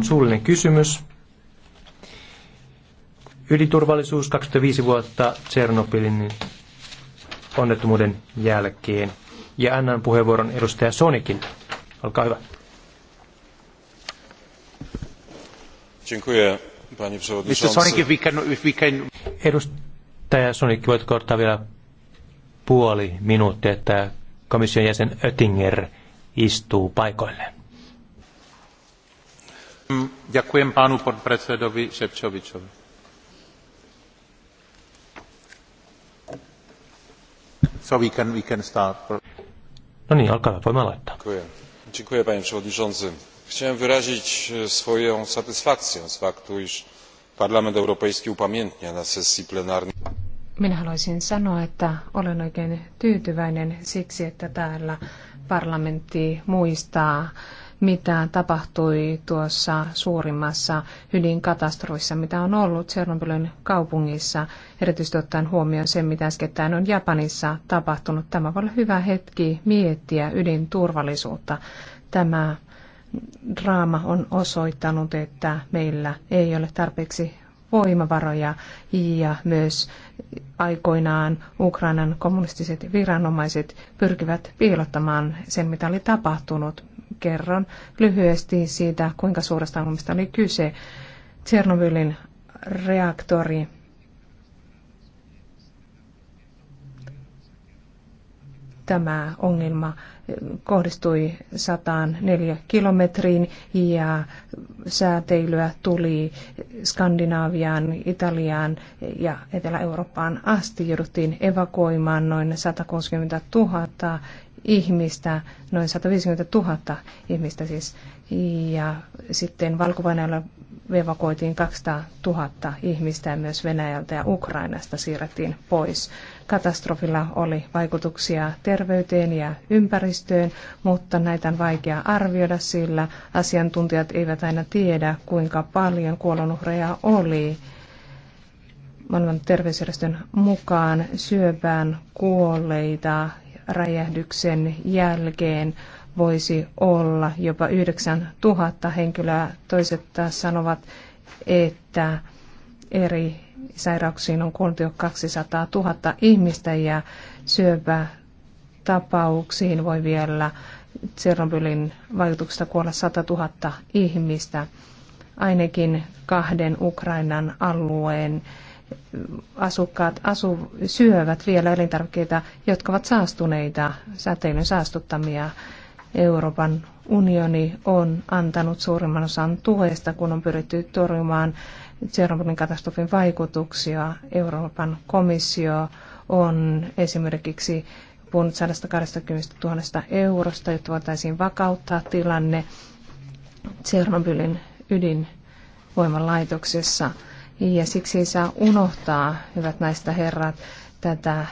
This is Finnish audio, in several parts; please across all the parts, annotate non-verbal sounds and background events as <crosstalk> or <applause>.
on suullinen kysymys. Ydinturvallisuus 25 vuotta Tsernobylin onnettomuuden jälkeen. Ja annan puheenvuoron edustaja Sonikin. Olkaa hyvä. Edustaja Sonikki, voitko ottaa vielä puoli minuuttia, että komission jäsen Oettinger istuu paikoilleen. Ďakujem pánu podpredsedovi no niin, panie przewodniczący. Chciałem wyrazić e, swoją satysfakcję z faktu, iż Parlament Europejski upamiętnia na sesji plenarnej. Minä haluaisin sanoa, että olen oikein tyytyväinen siksi, että täällä parlamentti muistaa mitä tapahtui tuossa suurimmassa ydinkatastrofissa, mitä on ollut Tsernobylin kaupungissa, erityisesti ottaen huomioon sen, mitä äskettäin on Japanissa tapahtunut. Tämä voi olla hyvä hetki miettiä ydinturvallisuutta. Tämä draama on osoittanut, että meillä ei ole tarpeeksi voimavaroja ja myös aikoinaan Ukrainan kommunistiset viranomaiset pyrkivät piilottamaan sen, mitä oli tapahtunut kerron lyhyesti siitä, kuinka suuresta ongelmasta oli kyse. Tsernobylin reaktori tämä ongelma kohdistui 104 kilometriin ja säteilyä tuli Skandinaaviaan, Italiaan ja Etelä-Eurooppaan asti. Jouduttiin evakuoimaan noin 160 000 ihmistä, noin 150 000 ihmistä siis, ja sitten valko evakuoitiin 200 000 ihmistä ja myös Venäjältä ja Ukrainasta siirrettiin pois. Katastrofilla oli vaikutuksia terveyteen ja ympäristöön, mutta näitä on vaikea arvioida, sillä asiantuntijat eivät aina tiedä, kuinka paljon kuolonuhreja oli. Maailman terveysjärjestön mukaan syöpään kuolleita räjähdyksen jälkeen voisi olla jopa 9000 henkilöä. Toiset taas sanovat, että eri sairauksiin on kuollut jo 200 000 ihmistä ja syöpätapauksiin voi vielä Tsernobylin vaikutuksesta kuolla 100 000 ihmistä. Ainakin kahden Ukrainan alueen asukkaat asu, syövät vielä elintarvikkeita, jotka ovat saastuneita, säteilyn saastuttamia. Euroopan unioni on antanut suurimman osan tuesta, kun on pyritty torjumaan Tsernobylin katastrofin vaikutuksia. Euroopan komissio on esimerkiksi puhunut 120 000 eurosta, jotta voitaisiin vakauttaa tilanne Tsernobylin ydinvoimalaitoksessa. laitoksessa ja siksi ei saa unohtaa, hyvät naista herrat, tätä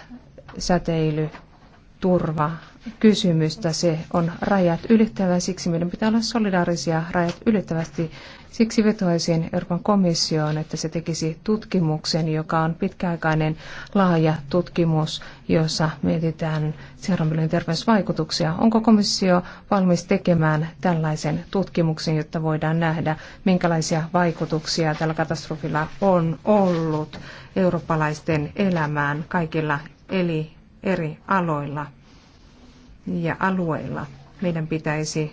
säteilyturvaa kysymystä. Se on rajat ylittävä, siksi meidän pitää olla solidaarisia rajat ylittävästi. Siksi vetoaisin Euroopan komissioon, että se tekisi tutkimuksen, joka on pitkäaikainen laaja tutkimus, jossa mietitään seuraavien terveysvaikutuksia. Onko komissio valmis tekemään tällaisen tutkimuksen, jotta voidaan nähdä, minkälaisia vaikutuksia tällä katastrofilla on ollut eurooppalaisten elämään kaikilla eli eri aloilla? ja alueilla. Meidän pitäisi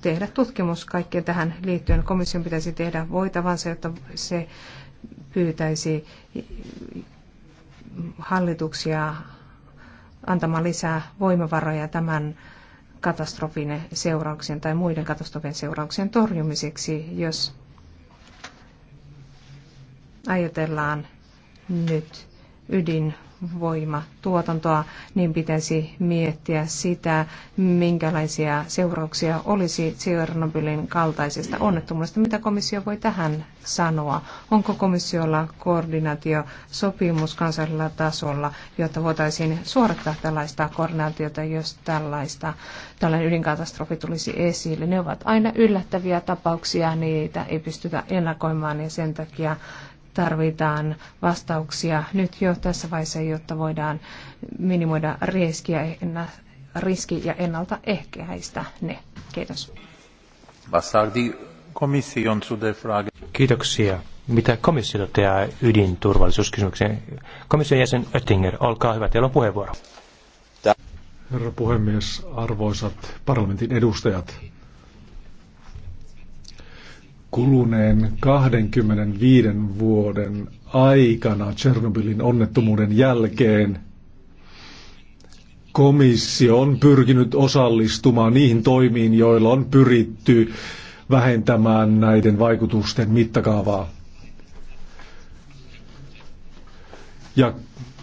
tehdä tutkimus kaikkeen tähän liittyen. Komission pitäisi tehdä voitavansa, jotta se pyytäisi hallituksia antamaan lisää voimavaroja tämän katastrofin seurauksien tai muiden katastrofien seurauksien torjumiseksi, jos ajatellaan nyt ydin tuotantoa, niin pitäisi miettiä sitä, minkälaisia seurauksia olisi Tsernobylin kaltaisesta onnettomuudesta. Mitä komissio voi tähän sanoa? Onko komissiolla koordinaatiosopimus kansallisella tasolla, jotta voitaisiin suorittaa tällaista koordinaatiota, jos tällaista, tällainen ydinkatastrofi tulisi esille? Ne ovat aina yllättäviä tapauksia, niitä ei pystytä ennakoimaan ja sen takia tarvitaan vastauksia nyt jo tässä vaiheessa, jotta voidaan minimoida riskiä, riski ja ennaltaehkäistä ne. Kiitos. Kiitoksia. Mitä komissio toteaa ydinturvallisuuskysymykseen? Komission jäsen Oettinger, olkaa hyvä, teillä on puheenvuoro. Herra puhemies, arvoisat parlamentin edustajat, kuluneen 25 vuoden aikana Tchernobylin onnettomuuden jälkeen komissio on pyrkinyt osallistumaan niihin toimiin, joilla on pyritty vähentämään näiden vaikutusten mittakaavaa. Ja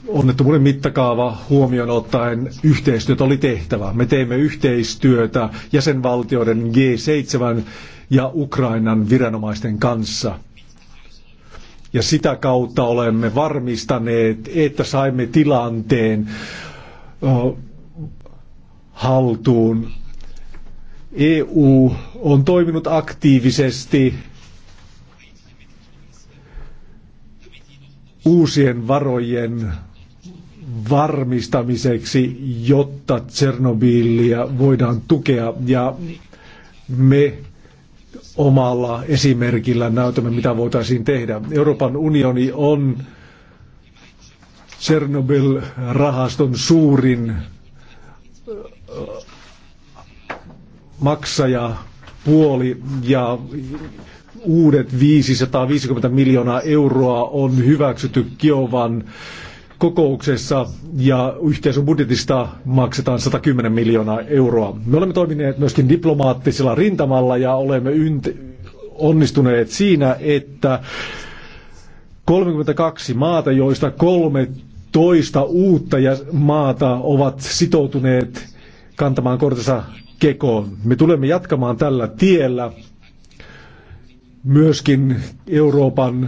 onnettomuuden mittakaava huomioon ottaen yhteistyötä oli tehtävä. Me teimme yhteistyötä jäsenvaltioiden G7 ja Ukrainan viranomaisten kanssa. Ja sitä kautta olemme varmistaneet, että saimme tilanteen haltuun. EU on toiminut aktiivisesti uusien varojen varmistamiseksi, jotta Tsernobylia voidaan tukea ja me omalla esimerkillä näytämme, mitä voitaisiin tehdä. Euroopan unioni on Tsernobyl-rahaston suurin maksaja puoli ja uudet 550 miljoonaa euroa on hyväksytty Kiovan kokouksessa ja yhteisön budjetista maksetaan 110 miljoonaa euroa. Me olemme toimineet myöskin diplomaattisella rintamalla ja olemme onnistuneet siinä, että 32 maata, joista 13 uutta maata ovat sitoutuneet kantamaan kortensa kekoon. Me tulemme jatkamaan tällä tiellä myöskin Euroopan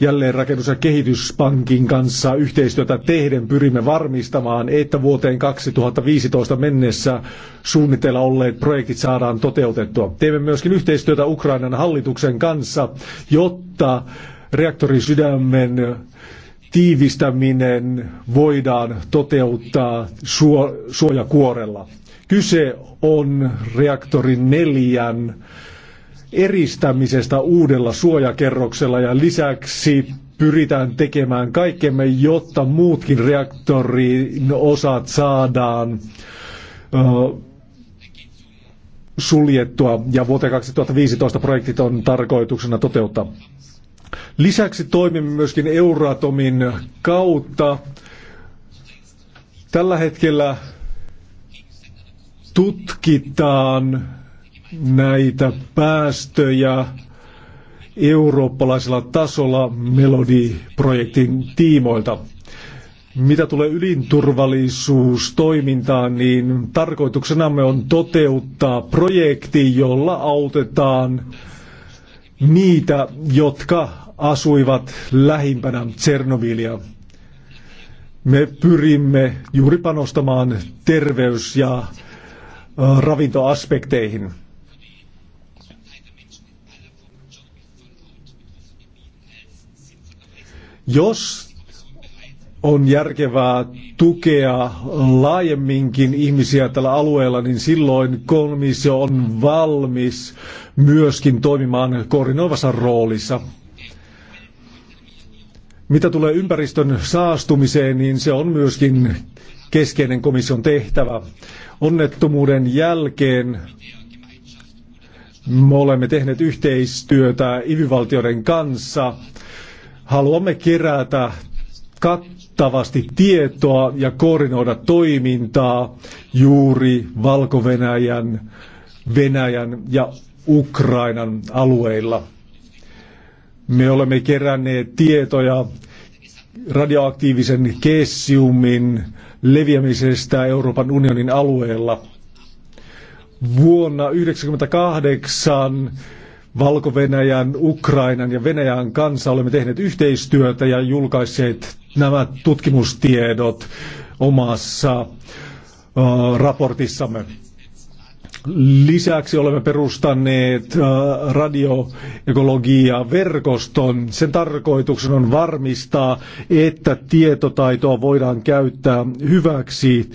jälleenrakennus- ja kehityspankin kanssa yhteistyötä tehden pyrimme varmistamaan, että vuoteen 2015 mennessä suunnitella olleet projektit saadaan toteutettua. Teemme myöskin yhteistyötä Ukrainan hallituksen kanssa, jotta reaktorisydämen tiivistäminen voidaan toteuttaa suo, suojakuorella. Kyse on reaktorin neljän eristämisestä uudella suojakerroksella ja lisäksi pyritään tekemään kaikkemme, jotta muutkin reaktorin osat saadaan ö, suljettua ja vuoteen 2015 projektit on tarkoituksena toteuttaa. Lisäksi toimimme myöskin Euratomin kautta. Tällä hetkellä tutkitaan näitä päästöjä eurooppalaisella tasolla Melodi-projektin tiimoilta. Mitä tulee ydinturvallisuustoimintaan, niin tarkoituksenamme on toteuttaa projekti, jolla autetaan niitä, jotka asuivat lähimpänä Tsernobylia. Me pyrimme juuri panostamaan terveys- ja ravintoaspekteihin. Jos on järkevää tukea laajemminkin ihmisiä tällä alueella, niin silloin komissio on valmis myöskin toimimaan koordinoivassa roolissa. Mitä tulee ympäristön saastumiseen, niin se on myöskin keskeinen komission tehtävä. Onnettomuuden jälkeen me olemme tehneet yhteistyötä ivivaltioiden kanssa Haluamme kerätä kattavasti tietoa ja koordinoida toimintaa juuri Valko-Venäjän, Venäjän ja Ukrainan alueilla. Me olemme keränneet tietoja radioaktiivisen kessiumin leviämisestä Euroopan unionin alueella. Vuonna 1998 Valko-Venäjän, Ukrainan ja Venäjän kanssa olemme tehneet yhteistyötä ja julkaisseet nämä tutkimustiedot omassa raportissamme. Lisäksi olemme perustaneet radioekologia-verkoston. Sen tarkoituksena on varmistaa, että tietotaitoa voidaan käyttää hyväksi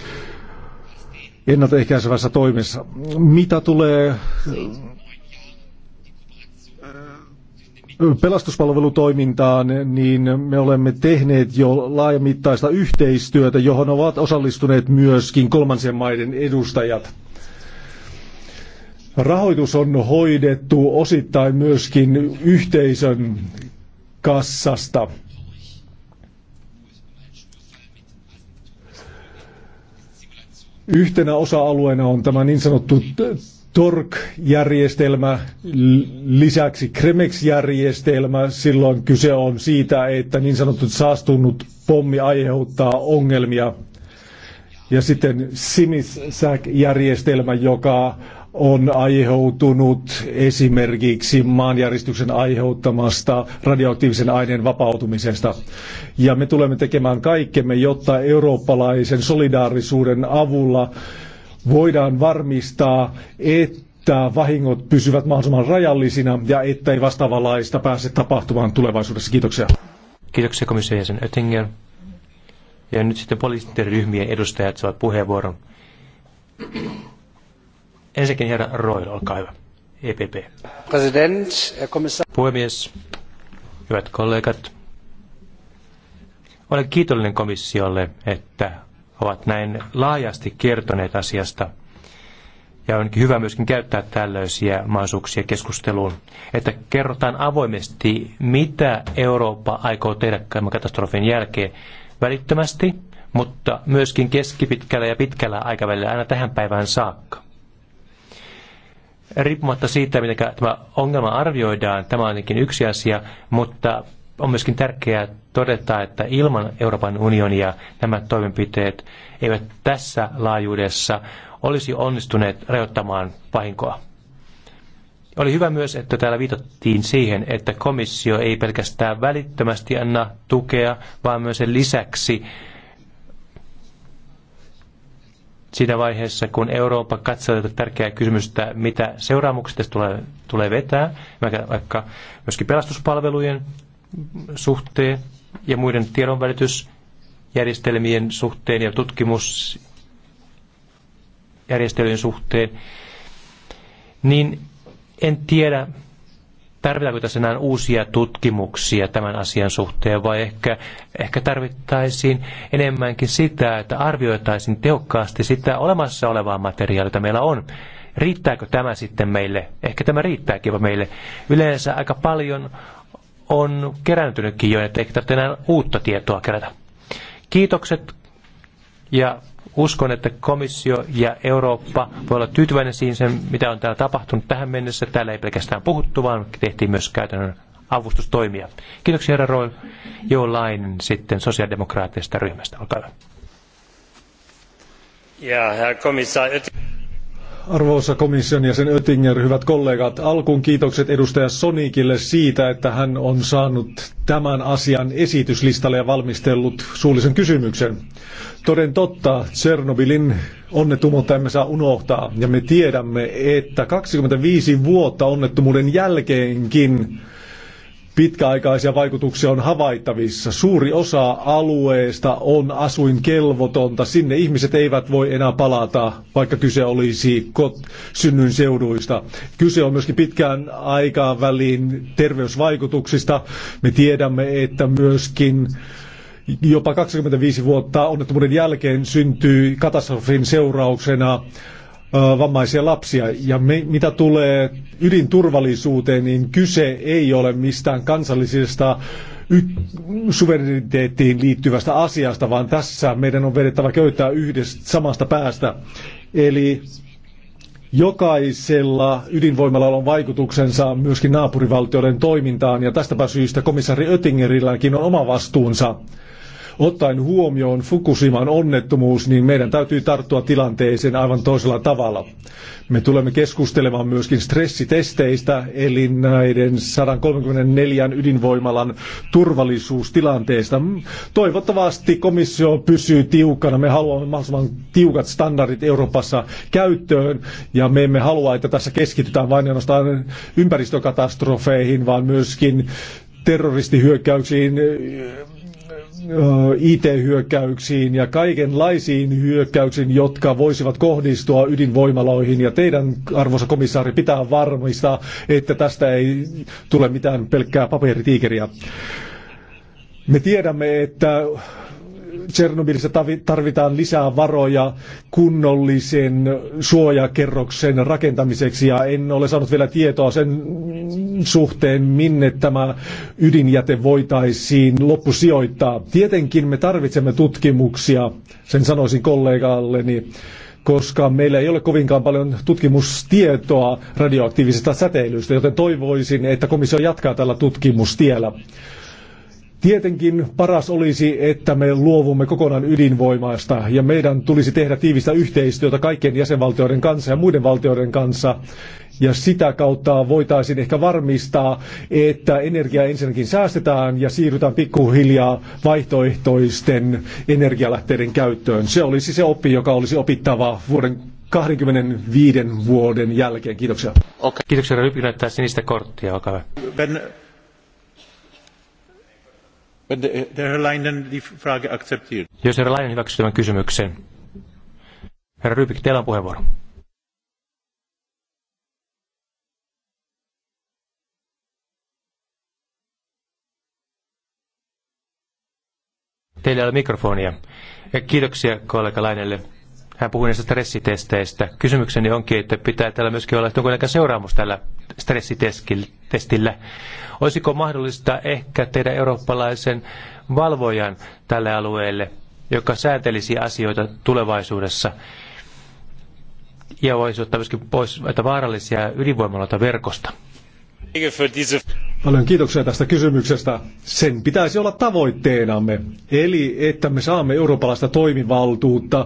ennaltaehkäisevässä toimessa. Mitä tulee pelastuspalvelutoimintaan, niin me olemme tehneet jo laajamittaista yhteistyötä, johon ovat osallistuneet myöskin kolmansien maiden edustajat. Rahoitus on hoidettu osittain myöskin yhteisön kassasta. Yhtenä osa-alueena on tämä niin sanottu TORC-järjestelmä, lisäksi CREMEX-järjestelmä. Silloin kyse on siitä, että niin sanottu saastunut pommi aiheuttaa ongelmia. Ja sitten SIMISAC-järjestelmä, joka on aiheutunut esimerkiksi maanjäristyksen aiheuttamasta radioaktiivisen aineen vapautumisesta. Ja me tulemme tekemään kaikkemme, jotta eurooppalaisen solidaarisuuden avulla voidaan varmistaa, että vahingot pysyvät mahdollisimman rajallisina ja ettei vastaavanlaista pääse tapahtumaan tulevaisuudessa. Kiitoksia. Kiitoksia komission jäsen Oettinger. Ja nyt sitten poliittisten ryhmien edustajat saavat puheenvuoron. Ensinnäkin herra Roil, olkaa hyvä. EPP. President, Puhemies, hyvät kollegat. Olen kiitollinen komissiolle, että ovat näin laajasti kertoneet asiasta. Ja onkin hyvä myöskin käyttää tällaisia mahdollisuuksia keskusteluun, että kerrotaan avoimesti, mitä Eurooppa aikoo tehdä katastrofin jälkeen välittömästi, mutta myöskin keskipitkällä ja pitkällä aikavälillä aina tähän päivään saakka. Riippumatta siitä, miten tämä ongelma arvioidaan, tämä on ainakin yksi asia, mutta on myöskin tärkeää todeta, että ilman Euroopan unionia nämä toimenpiteet eivät tässä laajuudessa olisi onnistuneet rajoittamaan vahinkoa. Oli hyvä myös, että täällä viitattiin siihen, että komissio ei pelkästään välittömästi anna tukea, vaan myös sen lisäksi siinä vaiheessa, kun Eurooppa katsoo tätä tärkeää kysymystä, mitä seuraamuksia tulee, tulee vetää, vaikka myöskin pelastuspalvelujen suhteen ja muiden tiedonvälitysjärjestelmien suhteen ja tutkimusjärjestelyjen suhteen, niin en tiedä, tarvitaanko tässä enää uusia tutkimuksia tämän asian suhteen vai ehkä, ehkä tarvittaisiin enemmänkin sitä, että arvioitaisiin tehokkaasti sitä olemassa olevaa materiaalia, jota meillä on. Riittääkö tämä sitten meille? Ehkä tämä riittääkin meille. Yleensä aika paljon on kerääntynytkin jo, että ei tarvitse enää uutta tietoa kerätä. Kiitokset ja uskon, että komissio ja Eurooppa voi olla tyytyväinen siihen, sen, mitä on täällä tapahtunut tähän mennessä. Täällä ei pelkästään puhuttu, vaan tehtiin myös käytännön avustustoimia. Kiitoksia herra Roy. Joo Lainen sitten sosiaalidemokraattisesta ryhmästä. Olkaa hyvä. Ja herra komissaari Arvoisa komission jäsen Oettinger, hyvät kollegat, alkuun kiitokset edustaja Sonikille siitä, että hän on saanut tämän asian esityslistalle ja valmistellut suullisen kysymyksen. Toden totta, Tsernobylin onnettomuutta emme saa unohtaa, ja me tiedämme, että 25 vuotta onnettomuuden jälkeenkin pitkäaikaisia vaikutuksia on havaittavissa. Suuri osa alueesta on asuinkelvotonta. Sinne ihmiset eivät voi enää palata, vaikka kyse olisi kot- synnyn Kyse on myöskin pitkään aikaan väliin terveysvaikutuksista. Me tiedämme, että myöskin jopa 25 vuotta onnettomuuden jälkeen syntyy katastrofin seurauksena vammaisia lapsia. Ja me, mitä tulee ydinturvallisuuteen, niin kyse ei ole mistään kansallisista suvereniteettiin liittyvästä asiasta, vaan tässä meidän on vedettävä köyttää yhdestä samasta päästä. Eli jokaisella ydinvoimalla on vaikutuksensa myöskin naapurivaltioiden toimintaan, ja tästäpä syystä komissaari Oettingerilläkin on oma vastuunsa Ottaen huomioon Fukushiman onnettomuus, niin meidän täytyy tarttua tilanteeseen aivan toisella tavalla. Me tulemme keskustelemaan myöskin stressitesteistä, eli näiden 134 ydinvoimalan turvallisuustilanteesta. Toivottavasti komissio pysyy tiukkana. Me haluamme mahdollisimman tiukat standardit Euroopassa käyttöön, ja me emme halua, että tässä keskitytään vain ainoastaan ympäristökatastrofeihin, vaan myöskin terroristihyökkäyksiin, IT-hyökkäyksiin ja kaikenlaisiin hyökkäyksiin, jotka voisivat kohdistua ydinvoimaloihin. Ja teidän, arvoisa komissaari, pitää varmistaa, että tästä ei tule mitään pelkkää paperitiikeriä. Me tiedämme, että Tsernobylissä tarvitaan lisää varoja kunnollisen suojakerroksen rakentamiseksi ja en ole saanut vielä tietoa sen suhteen, minne tämä ydinjäte voitaisiin loppusijoittaa. Tietenkin me tarvitsemme tutkimuksia, sen sanoisin kollegalleni, koska meillä ei ole kovinkaan paljon tutkimustietoa radioaktiivisesta säteilystä, joten toivoisin, että komissio jatkaa tällä tutkimustiellä. Tietenkin paras olisi, että me luovumme kokonaan ydinvoimaista ja meidän tulisi tehdä tiivistä yhteistyötä kaikkien jäsenvaltioiden kanssa ja muiden valtioiden kanssa. Ja sitä kautta voitaisiin ehkä varmistaa, että energiaa ensinnäkin säästetään ja siirrytään pikkuhiljaa vaihtoehtoisten energialähteiden käyttöön. Se olisi se oppi, joka olisi opittava vuoden 25 vuoden jälkeen. Kiitoksia. Okay. Kiitoksia, Rypilä, sinistä korttia, olkaa hyvä. Ben... Jos herra Lainen hyväksyy tämän kysymyksen. Herra Rybik, teillä on puheenvuoro. Teillä ei ole mikrofonia. kiitoksia kollega Lainelle. Hän puhui näistä stressitesteistä. Kysymykseni onkin, että pitää täällä myöskin olla, että onko seuraamus tällä stressitestillä. Olisiko mahdollista ehkä tehdä eurooppalaisen valvojan tälle alueelle, joka säätelisi asioita tulevaisuudessa? Ja voisi ottaa myöskin pois että vaarallisia ydinvoimaloita verkosta. Paljon kiitoksia tästä kysymyksestä. Sen pitäisi olla tavoitteenamme, eli että me saamme eurooppalaista toimivaltuutta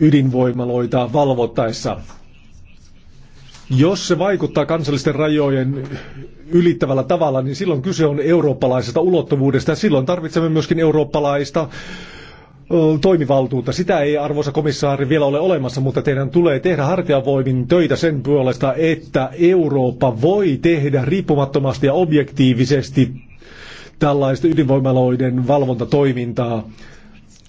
ydinvoimaloita valvottaessa. Jos se vaikuttaa kansallisten rajojen ylittävällä tavalla, niin silloin kyse on eurooppalaisesta ulottuvuudesta ja silloin tarvitsemme myöskin eurooppalaista toimivaltuutta. Sitä ei, arvoisa komissaari, vielä ole olemassa, mutta teidän tulee tehdä hartiavoimin töitä sen puolesta, että Eurooppa voi tehdä riippumattomasti ja objektiivisesti tällaista ydinvoimaloiden valvontatoimintaa.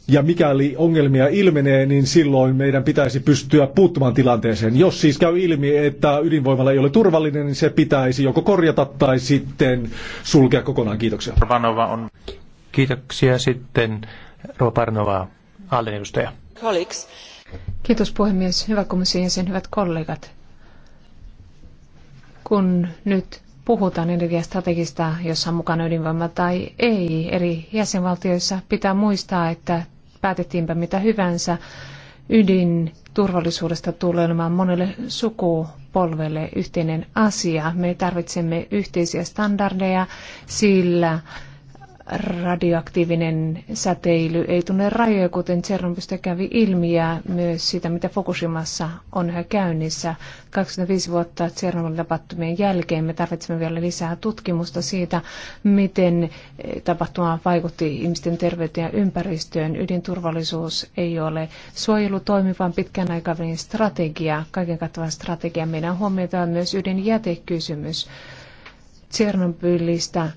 Ja mikäli ongelmia ilmenee, niin silloin meidän pitäisi pystyä puuttumaan tilanteeseen. Jos siis käy ilmi, että ydinvoimalla ei ole turvallinen, niin se pitäisi joko korjata tai sitten sulkea kokonaan. Kiitoksia. Parvanova on. Kiitoksia sitten Rova Parnova, edustaja. Colleagues. Kiitos puhemies. Hyvä komission jäsen, hyvät kollegat. Kun nyt puhutaan energiastrategista, jossa on mukana ydinvoima tai ei, eri jäsenvaltioissa pitää muistaa, että päätettiinpä mitä hyvänsä, ydinturvallisuudesta tulee olemaan monelle sukupolvelle yhteinen asia. Me tarvitsemme yhteisiä standardeja, sillä radioaktiivinen säteily ei tunne rajoja, kuten Tsernobylista kävi ilmi, ja myös sitä, mitä Fukushimassa on yhä käynnissä. 25 vuotta Tsernobylin tapahtumien jälkeen me tarvitsemme vielä lisää tutkimusta siitä, miten eh, tapahtuma vaikutti ihmisten terveyteen ja ympäristöön. Ydinturvallisuus ei ole suojelutoimi, vaan pitkän aikavälin strategia, kaiken kattavan strategia. Meidän on huomioitava myös ydinjätekysymys. Tsernobylistä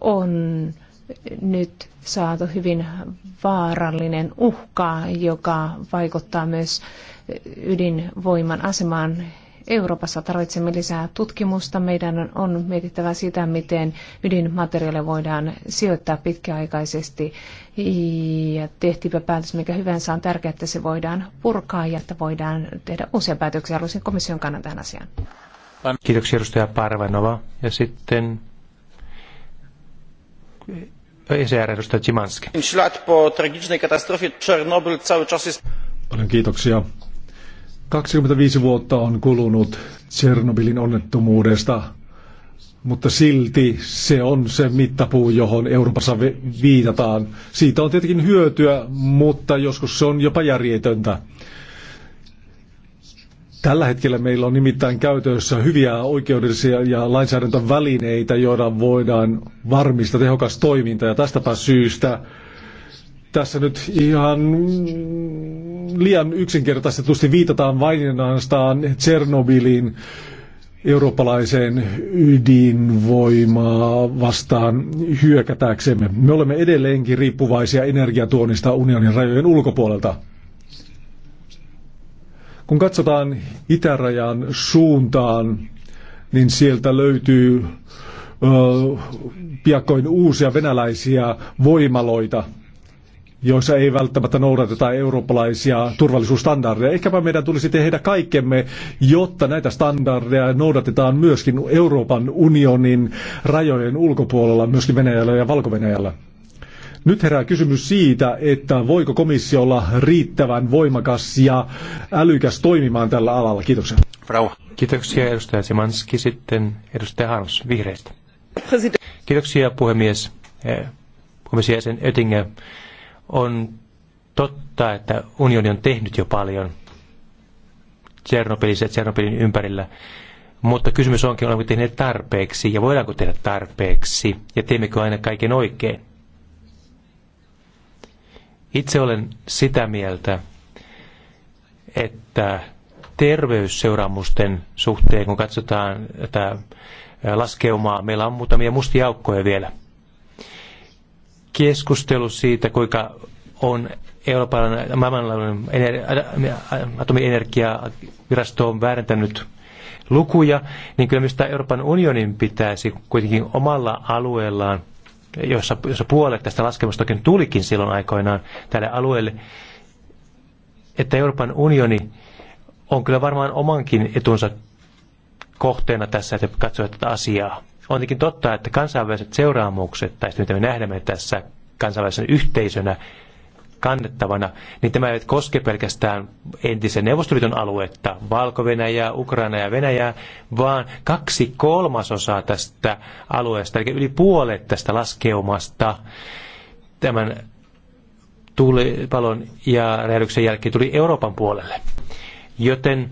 on nyt saatu hyvin vaarallinen uhka, joka vaikuttaa myös ydinvoiman asemaan Euroopassa tarvitsemme lisää tutkimusta. Meidän on mietittävä sitä, miten ydinmateriaaleja voidaan sijoittaa pitkäaikaisesti. Ja tehtiinpä päätös, mikä hyvänsä on tärkeää, että se voidaan purkaa ja että voidaan tehdä uusia päätöksiä. Haluaisin komission kannan tähän asiaan. Kiitoksia edustaja Parvenova. Ja sitten ECR, edustaja Cimanski. Ślad po tragicznej katastrofie Czernobyl cały czas jest... Paljon kiitoksia. 25 vuotta on kulunut Tsernobylin onnettomuudesta, mutta silti se on se mittapuu, johon Euroopassa viitataan. Siitä on tietenkin hyötyä, mutta joskus se on jopa järjetöntä. Tällä hetkellä meillä on nimittäin käytössä hyviä oikeudellisia ja lainsäädäntövälineitä, joilla voidaan varmistaa tehokas toiminta. Ja tästäpä syystä tässä nyt ihan liian yksinkertaistetusti viitataan vain ainoastaan Tsernobyliin eurooppalaiseen ydinvoimaa vastaan hyökätäksemme. Me olemme edelleenkin riippuvaisia energiatuonnista unionin rajojen ulkopuolelta. Kun katsotaan itärajan suuntaan, niin sieltä löytyy ö, piakkoin uusia venäläisiä voimaloita, joissa ei välttämättä noudateta eurooppalaisia turvallisuusstandardeja. Ehkäpä meidän tulisi tehdä kaikkemme, jotta näitä standardeja noudatetaan myöskin Euroopan unionin rajojen ulkopuolella, myöskin Venäjällä ja valko -Venäjällä. Nyt herää kysymys siitä, että voiko komissio olla riittävän voimakas ja älykäs toimimaan tällä alalla. Kiitoksia. Rauha. Kiitoksia edustaja Simanski. Sitten edustaja Hans Vihreistä. Kiitoksia puhemies. Komission eh, jäsen Oettinger. On totta, että unioni on tehnyt jo paljon Tsernobylissä ja Tsernobylin ympärillä. Mutta kysymys onkin, olemmeko tehneet tarpeeksi ja voidaanko tehdä tarpeeksi ja teemmekö aina kaiken oikein. Itse olen sitä mieltä, että terveysseuraamusten suhteen, kun katsotaan tätä laskeumaa, meillä on muutamia mustia aukkoja vielä. Keskustelu siitä, kuinka on Euroopan maailmanlaajuinen atomienergiavirasto on väärentänyt lukuja, niin kyllä mistä Euroopan unionin pitäisi kuitenkin omalla alueellaan jossa, jossa puolet tästä toki tulikin silloin aikoinaan tälle alueelle, että Euroopan unioni on kyllä varmaan omankin etunsa kohteena tässä, että katsoo tätä asiaa. On totta, että kansainväliset seuraamukset, tai mitä me nähdään tässä kansainvälisen yhteisönä, kannettavana, niin tämä ei koske pelkästään entisen Neuvostoliiton aluetta, valko -Venäjää, Ukraina ja Venäjää, vaan kaksi kolmasosaa tästä alueesta, eli yli puolet tästä laskeumasta tämän tulipalon ja räjähdyksen jälkeen tuli Euroopan puolelle. Joten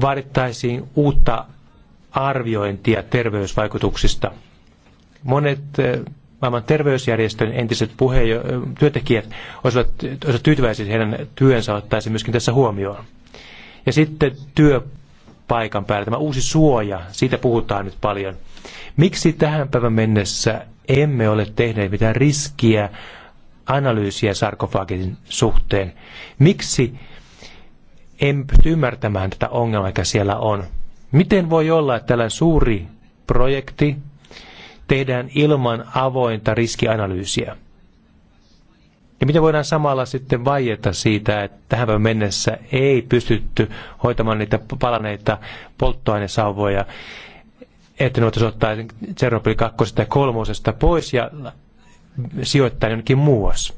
vaadittaisiin uutta arviointia terveysvaikutuksista. Monet eh, maailman terveysjärjestön entiset puheenjo- työntekijät olisivat, olisivat tyytyväisiä, heidän työnsä ottaisiin myöskin tässä huomioon. Ja sitten työpaikan päällä, tämä uusi suoja, siitä puhutaan nyt paljon. Miksi tähän päivän mennessä emme ole tehneet mitään riskiä analyysiä sarkofagin suhteen? Miksi en pysty ymmärtämään tätä ongelmaa, mikä siellä on? Miten voi olla, että tällainen suuri projekti, tehdään ilman avointa riskianalyysiä. Ja miten voidaan samalla sitten vaieta siitä, että tähän mennessä ei pystytty hoitamaan niitä palaneita polttoainesauvoja, että ne voitaisiin ottaa Tsernobyl 2 ja 3 pois ja sijoittaa jonnekin muuas.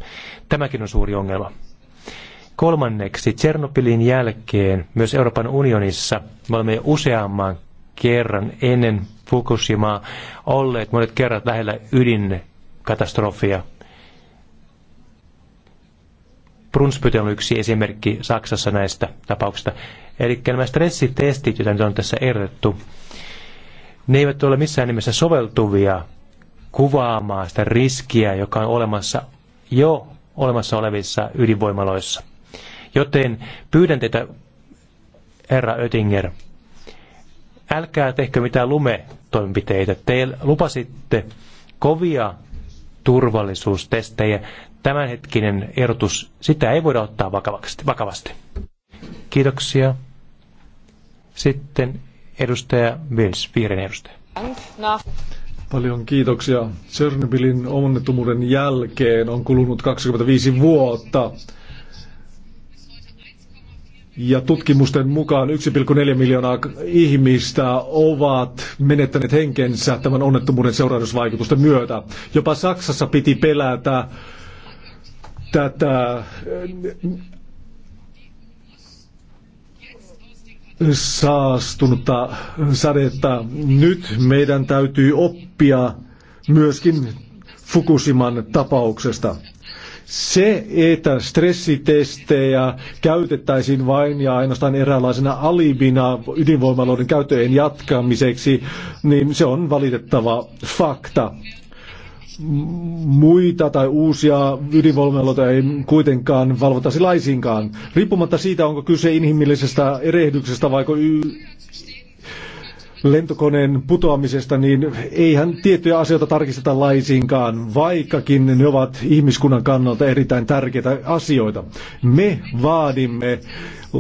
Tämäkin on suuri ongelma. Kolmanneksi, Tsernobylin jälkeen myös Euroopan unionissa me olemme jo useamman kerran ennen Fukushimaa olleet monet kerrat lähellä ydinkatastrofia. Brunsbüttel on yksi esimerkki Saksassa näistä tapauksista. Eli nämä stressitestit, joita nyt on tässä ehdotettu, ne eivät ole missään nimessä soveltuvia kuvaamaan sitä riskiä, joka on olemassa jo olemassa olevissa ydinvoimaloissa. Joten pyydän teitä, herra Oettinger, älkää tehkö mitään lumetoimenpiteitä. Te lupasitte kovia turvallisuustestejä. Tämänhetkinen erotus, sitä ei voida ottaa vakavasti. vakavasti Kiitoksia. Sitten edustaja Vils, vihreän edustaja. Paljon kiitoksia. Tsernobylin onnettomuuden jälkeen on kulunut 25 vuotta. Ja tutkimusten mukaan 1,4 miljoonaa ihmistä ovat menettäneet henkensä tämän onnettomuuden seurausvaikutusten myötä. Jopa Saksassa piti pelätä tätä eh, saastunutta sadetta. Nyt meidän täytyy oppia myöskin Fukushiman tapauksesta. Se, että stressitestejä käytettäisiin vain ja ainoastaan eräänlaisena alibina ydinvoimaloiden käyttöjen jatkamiseksi, niin se on valitettava fakta muita tai uusia ydinvoimaloita ei kuitenkaan valvotaisi laisinkaan. Riippumatta siitä, onko kyse inhimillisestä erehdyksestä vai lentokoneen putoamisesta, niin eihän tiettyjä asioita tarkisteta laisinkaan, vaikkakin ne ovat ihmiskunnan kannalta erittäin tärkeitä asioita. Me vaadimme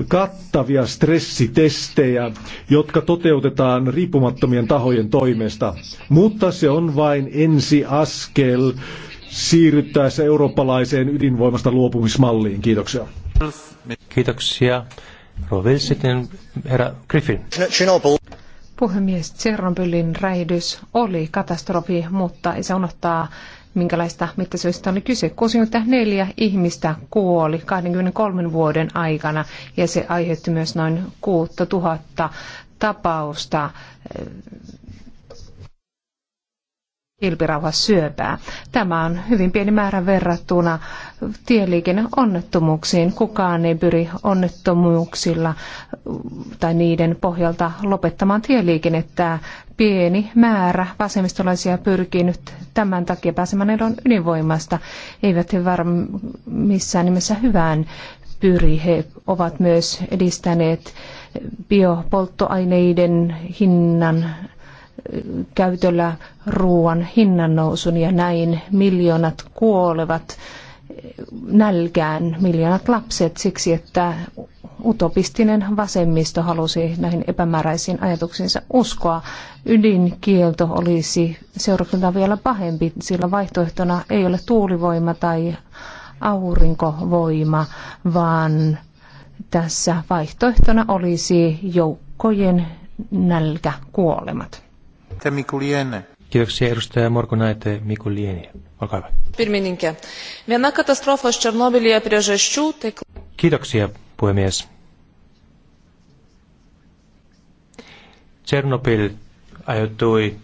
kattavia stressitestejä, jotka toteutetaan riippumattomien tahojen toimesta, mutta se on vain ensiaskel siirryttäessä eurooppalaiseen ydinvoimasta luopumismalliin. Kiitoksia. Kiitoksia. Rovil, sitten herra Griffin. Puhemies, Tsernobylin räjähdys oli katastrofi, mutta ei se unohtaa minkälaista mittasyistä oli kyse. 64 ihmistä kuoli 23 vuoden aikana ja se aiheutti myös noin 6000 tapausta kilpirauhassyöpää. Tämä on hyvin pieni määrä verrattuna tieliikenneonnettomuuksiin. Kukaan ei pyri onnettomuuksilla äh, tai niiden pohjalta lopettamaan tieliikennettä. Pieni määrä vasemmistolaisia pyrkii nyt tämän takia pääsemään eroon ydinvoimasta. Eivät he varmaan missään nimessä hyvään pyri. He ovat myös edistäneet biopolttoaineiden hinnan käytöllä ruoan hinnannousun ja näin miljoonat kuolevat nälkään, miljoonat lapset siksi, että utopistinen vasemmisto halusi näihin epämääräisiin ajatuksiinsa uskoa. Ydinkielto olisi seurauksena vielä pahempi, sillä vaihtoehtona ei ole tuulivoima tai aurinkovoima, vaan tässä vaihtoehtona olisi joukkojen nälkäkuolemat. Mikuliene. Kiitoksia edustaja Morko Naite Mikulieni. Olkaa hyvä. Pirmininkė. Viena katastrofos Černobylyje priežasčių. Tai... Kiitoksia puhemies. Chernobyl aiheutui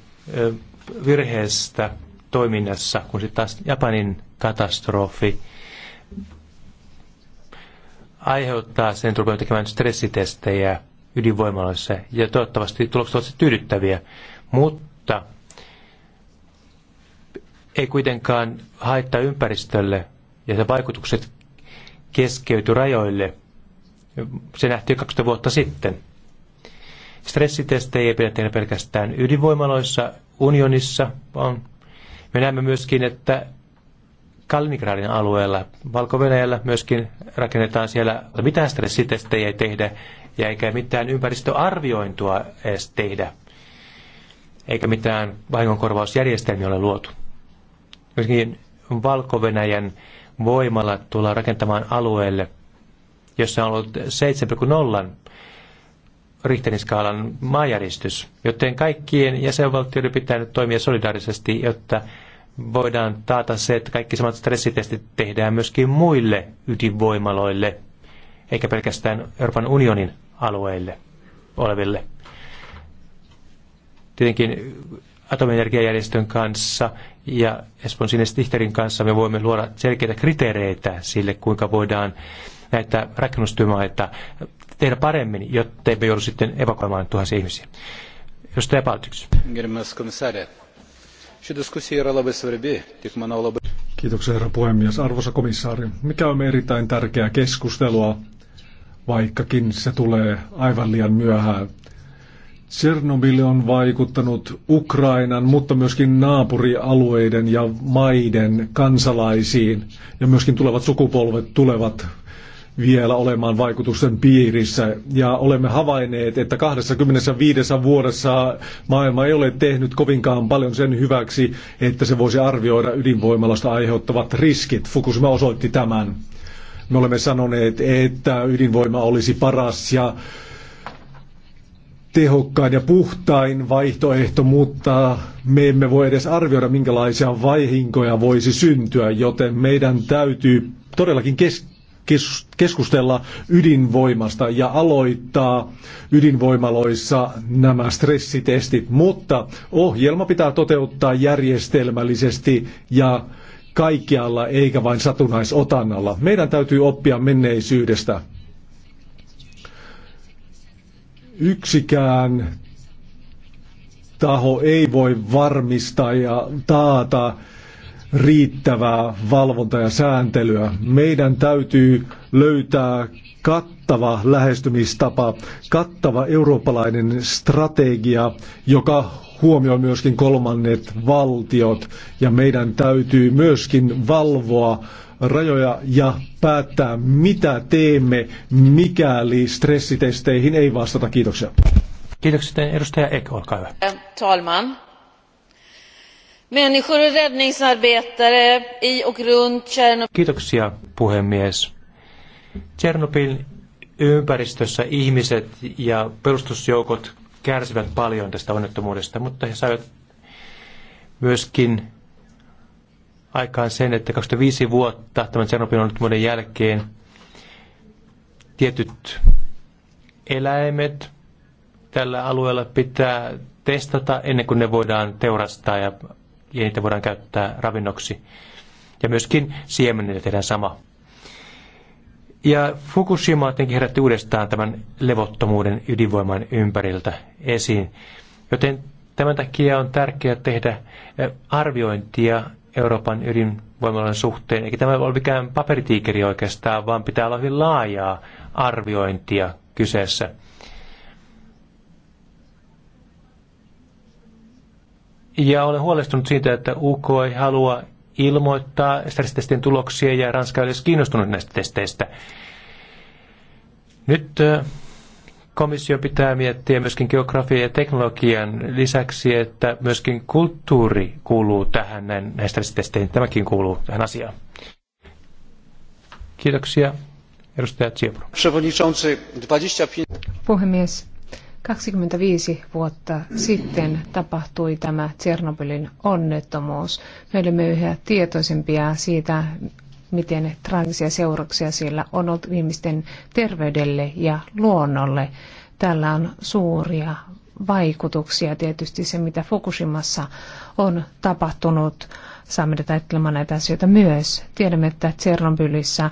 virheestä toiminnassa, kun sitten taas Japanin katastrofi aiheuttaa sen, että rupeaa tekemään stressitestejä ydinvoimaloissa, ja toivottavasti tulokset ovat tyydyttäviä mutta ei kuitenkaan haittaa ympäristölle ja sen vaikutukset keskeyty rajoille. Se nähtiin 20 vuotta sitten. Stressitestejä ei pidä tehdä pelkästään ydinvoimaloissa unionissa, vaan me näemme myöskin, että Kaliningradin alueella, valko myöskin rakennetaan siellä, mitään stressitestejä ei tehdä ja eikä mitään ympäristöarviointua edes tehdä eikä mitään vahingonkorvausjärjestelmiä ole luotu. Myöskin Valko-Venäjän voimalla tullaan rakentamaan alueelle, jossa on ollut 7,0 Richterin maajäristys, joten kaikkien jäsenvaltioiden pitää nyt toimia solidaarisesti, jotta voidaan taata se, että kaikki samat stressitestit tehdään myöskin muille ydinvoimaloille, eikä pelkästään Euroopan unionin alueille oleville tietenkin atomenergiajärjestön kanssa ja Espoon Sinestihterin kanssa me voimme luoda selkeitä kriteereitä sille, kuinka voidaan näitä rakennustyömaita tehdä paremmin, jotta me joudu sitten evakuoimaan tuhansia ihmisiä. Jos te Kiitoksia herra puhemies. Arvoisa komissaari, mikä on erittäin tärkeää keskustelua, vaikkakin se tulee aivan liian myöhään Tsernobyl on vaikuttanut Ukrainan, mutta myöskin naapurialueiden ja maiden kansalaisiin. Ja myöskin tulevat sukupolvet tulevat vielä olemaan vaikutusten piirissä. Ja olemme havainneet, että 25 vuodessa maailma ei ole tehnyt kovinkaan paljon sen hyväksi, että se voisi arvioida ydinvoimalasta aiheuttavat riskit. Fukushima osoitti tämän. Me olemme sanoneet, että ydinvoima olisi paras ja tehokkain ja puhtain vaihtoehto, mutta me emme voi edes arvioida, minkälaisia vaihinkoja voisi syntyä, joten meidän täytyy todellakin kes- kes- keskustella ydinvoimasta ja aloittaa ydinvoimaloissa nämä stressitestit, mutta ohjelma pitää toteuttaa järjestelmällisesti ja kaikkialla eikä vain satunnaisotannalla. Meidän täytyy oppia menneisyydestä yksikään taho ei voi varmistaa ja taata riittävää valvontaa ja sääntelyä. Meidän täytyy löytää kattava lähestymistapa, kattava eurooppalainen strategia, joka huomioi myöskin kolmannet valtiot. Ja meidän täytyy myöskin valvoa rajoja ja päättää, mitä teemme, mikäli stressitesteihin ei vastata. Kiitoksia. Kiitoksia. Edustaja Ek, olkaa hyvä. Eh, talman. Människor och räddningsarbetare i och runt Tjernobyl. Kiitoksia puhemies. Tjernobylin ympäristössä ihmiset ja pelustusjoukot kärsivät paljon tästä onnettomuudesta, mutta he saivat myöskin aikaan sen, että 25 vuotta tämän Tsernobylin onnettomuuden jälkeen tietyt eläimet tällä alueella pitää testata ennen kuin ne voidaan teurastaa ja, ja niitä voidaan käyttää ravinnoksi. Ja myöskin siemenille tehdään sama. Ja Fukushima tietenkin herätti uudestaan tämän levottomuuden ydinvoiman ympäriltä esiin. Joten tämän takia on tärkeää tehdä eh, arviointia Euroopan ydinvoimalan suhteen. Eikä tämä ole mikään paperitiikeri oikeastaan, vaan pitää olla hyvin laajaa arviointia kyseessä. Ja olen huolestunut siitä, että UK ei halua ilmoittaa stressitestien tuloksia ja Ranska ei olisi kiinnostunut näistä testeistä. Nyt komissio pitää miettiä myöskin geografian ja teknologian lisäksi, että myöskin kulttuuri kuuluu tähän näistä testeihin. Tämäkin kuuluu tähän asiaan. Kiitoksia. Edustaja Tsiopro. Puhemies, 25 vuotta sitten tapahtui tämä Tsernobylin onnettomuus. Me olemme yhä tietoisempia siitä, miten traagisia seurauksia sillä on ollut ihmisten terveydelle ja luonnolle. Tällä on suuria vaikutuksia. Tietysti se, mitä Fukushimassa on tapahtunut, Saamme ajattelemaan näitä asioita myös. Tiedämme, että Tsernobylissä